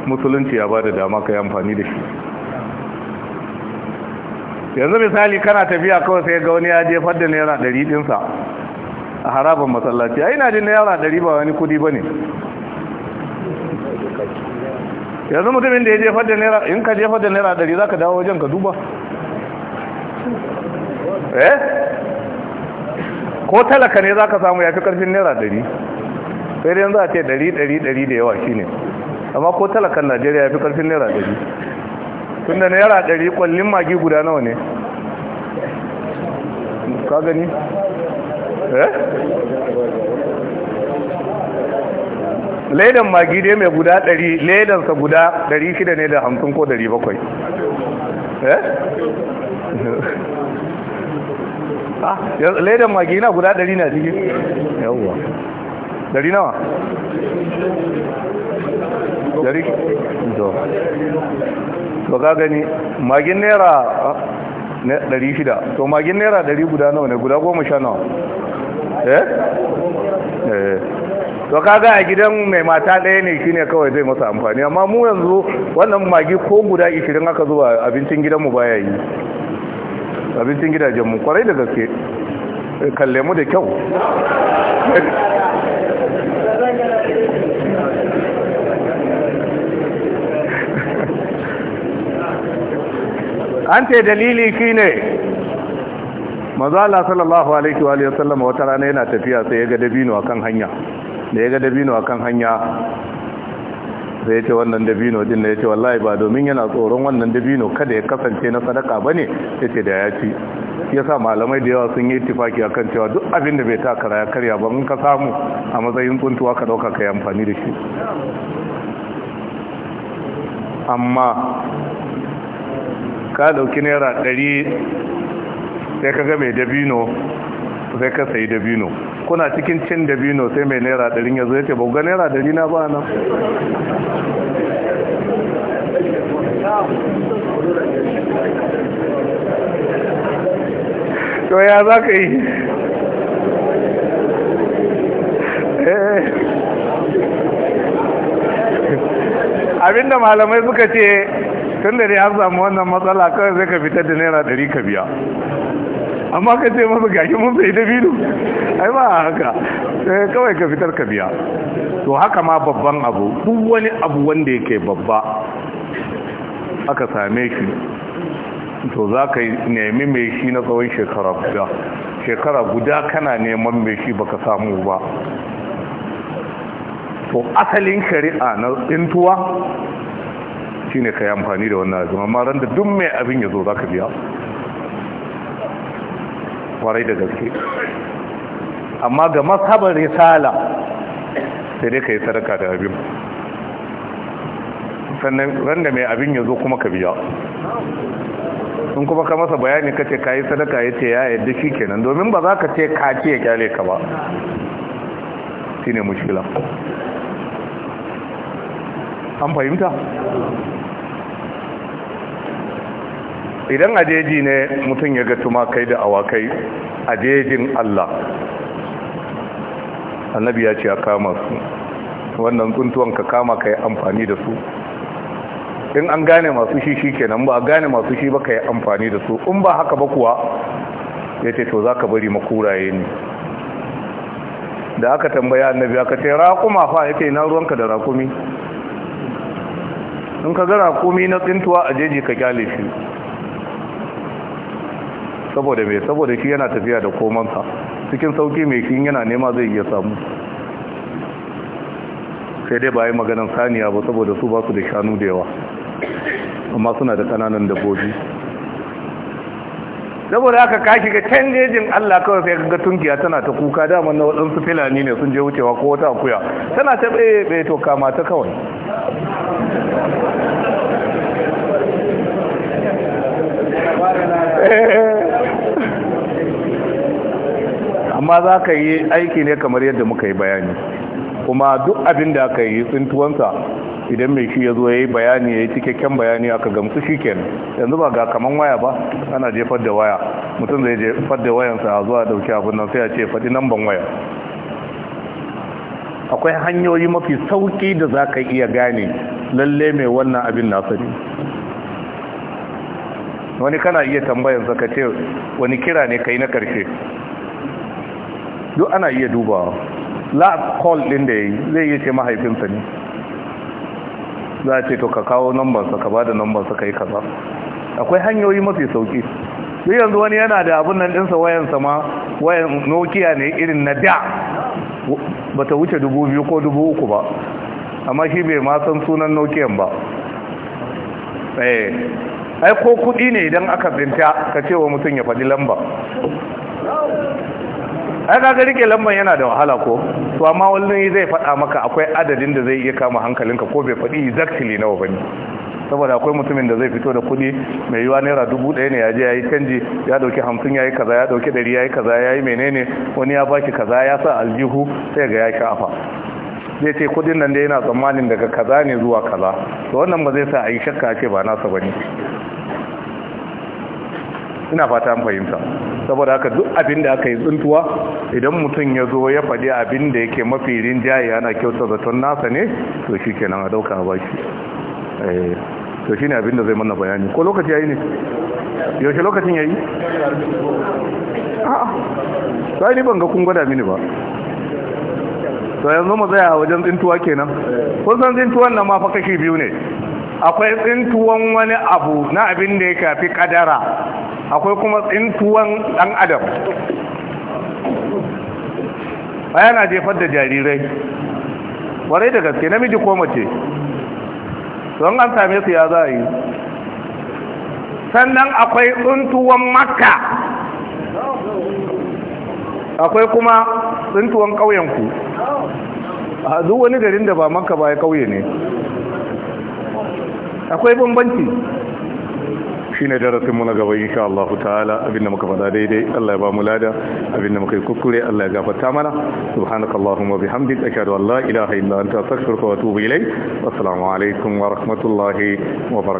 musulunci ya ba da dama ka yi amfani da shi yanzu misali kana tafiya kawai sai ga wani ya jefar da naira ɗari ɗinsa a harabar masallaci a ina jin naira ɗari ba wani kudi ba ne yanzu mutumin da ya jefar da naira in ka jefar da naira ɗari za ka dawo wajen ka duba eh ko talaka ne za ka samu ya fi ƙarfin naira ɗari sai dai za a ce ɗari ɗari ɗari da yawa shine amma ko talakan najeriya ya fi ƙarfin naira ɗari tun da naira ɗari ƙwallin magi guda nawa ne ka gani eh? Ladan magi dai mai guda ɗari? ledansa guda shida ne da hamsin ko ɗari bakwai? Eh? *laughs* ledan magi na guda ɗari na cikin yawwa ɗari nawa ɗari to to ka gani magin naira ɗari shida to magin naira ɗari guda nawa ne guda goma sha nawa eh, eh. to kaga a gidan mai mata ɗaya ne shine kawai zai masa amfani amma mu yanzu wannan magi ko guda 20 aka zuba abincin gidanmu baya yi abincin gidajen mu kwarai da gaske kalle mu da kyau an ce dalili shi ne mazala sallallahu alaihi wa sallam wata rana yana tafiya sai ya ga dabino akan hanya da ya ga dabino akan hanya sai ya ce wannan dabino din ya ce wallahi ba domin yana tsoron wannan dabino kada ya kasance na sadaka ba ne ya ce da ya ci ya sa malamai da yawa sun yi tifaki a kan cewa duk abin da bai takara ya karya ba mun ka samu a matsayin tsuntuwa ka ɗauka ka yi amfani da shi amma ka ɗauki naira ɗari sai ka ga mai dabino sai ka sayi dabino kuna cikin cin dabino sai mai naira ɗarin ya zo ya ce ba ga naira ɗari na ba nan to ya za ka yi eh. abinda malamai suka ce tun da dai an samu wannan matsala kawai zai ka fitar da naira ɗari ka biya amma ka ce masa gashi mun sai biyu ai ba haka sai eh, kawai ka fitar ka biya to haka ma babban abu duk wani abu wanda yake babba aka same shi to za ka nemi mai shi na tsawon shekara guda shekara guda kana neman mai shi baka samu ba to asalin shari'a na shi shine ka yi amfani da wannan azuma amma da duk mai abin ya zo za ka biya kwarai da gaske amma ga masabar risala sai dai ka yi sadaka da abin sannan randa mai abin ya zo kuma ka biya in kuma ka masa bayani ka ce ka yi sadaka ya ce ya yadda shi kenan domin ba za ka ce ka ce ya kyale ka ba shi ne mushkila an fahimta idan ajeji ne mutum ya ga tumakai da awakai ajejin Allah annabi ya ce a kama su wannan tuntuwan ka kama ka yi amfani da su in an gane masu shi shi kenan ba a gane masu shi ba ka yi amfani da su in ba haka ba kuwa ya ce to za ka bari makuraye ne da aka tambaya annabi aka ce raƙuma fa ya ce na ruwanka da raƙumi in ka ga rakumi na tsintuwa a jeji ka kyale shi saboda mai saboda shi yana tafiya da komansa cikin sauki mai shi yana nema zai iya samu sai dai ba yi maganin saniya ba saboda su ba da shanu da yawa amma suna da kananan dabbobi saboda aka kashi ga canjejin Allah kawai sai ga tunkiya tana ta kuka daman na waɗansu filani ne sun je wucewa ko wata akuya tana ta ɓe to kama kawai *laughs* amma za ka yi aiki ne kamar yadda muka yi bayani kuma duk abin da aka yi tsintuwansa idan mai shi ya zo ya yi bayani ya yi cikakken bayani aka gamsu shi kenan yanzu ba ga kaman waya ba ana jefar da waya mutum zai jefar da wayansa a zuwa dauki abin nan sai a ce faɗi namban waya akwai hanyoyi mafi sauki da za ka iya gane lalle mai wannan abin na sani wani kana iya tambayan zaka ce wani kira ne kai na karshe duk ana iya dubawa last call din da yayi zai iya ce mahaifinsa ne za a ce to ka kawo number sa ka bada number sa kai kaza akwai hanyoyi mafi sauki duk yanzu wani yana da abun nan dinsa wayansa ma wayan Nokia ne irin na da bata wuce dubu biyu ko dubu uku ba amma shi bai ma san sunan Nokia ba eh ai ko kudi ne idan aka zinta ka ce wa mutum ya faɗi lamba ai kaga rike lamban yana da wahala ko to amma wani zai faɗa maka akwai adadin da zai iya kama hankalinka ko bai faɗi exactly nawa bane saboda akwai mutumin da zai fito da kuɗi mai yiwa naira dubu ɗaya ne ya je ya yi canji ya ɗauki hamsin ya yi kaza ya ɗauki ɗari ya yi kaza ya yi menene wani ya baki kaza ya sa aljihu sai ga ya shafa zai ce kuɗin nan da yana tsammanin daga kaza ne zuwa kaza to wannan ba zai sa a yi shakka ce ba nasa ba ne ina fata fahimta saboda haka duk abin da aka yi tsuntuwa idan mutum ya zo ya faɗi abin da yake mafi rinjaye ana kyauta zaton nasa ne to shi kenan a dauka a shi eh, to shi ne abin da zai mana bayani ko lokaci ya yi ne yaushe lokacin ya yi a'a sai ni ban ga kun gwada mini ba to yanzu mu tsaya wajen tsintuwa kenan kun san tsintuwan nan ma fa kashi biyu ne akwai tsintuwan wani abu na abin da ya kafi kadara akwai kuma tsintuwan dan adam a yana jefar da jarirai warai da gaske namiji ko mace don an same su ya za a yi sannan akwai tsintuwan makka akwai kuma tsintuwan ƙauyenku a duk wani garin da ba makka ba ya ƙauye ne akwai bambanci shine darasin mu na gaba insha Allah ta'ala abinda muka faɗa daidai Allah ya ba mu lada abinda muka yi kukure Allah ya gafarta mana subhanakallahumma bihamdik ashhadu an la ilaha illa anta astaghfiruka wa atubu ilayk assalamu alaikum wa rahmatullahi wa barakatuh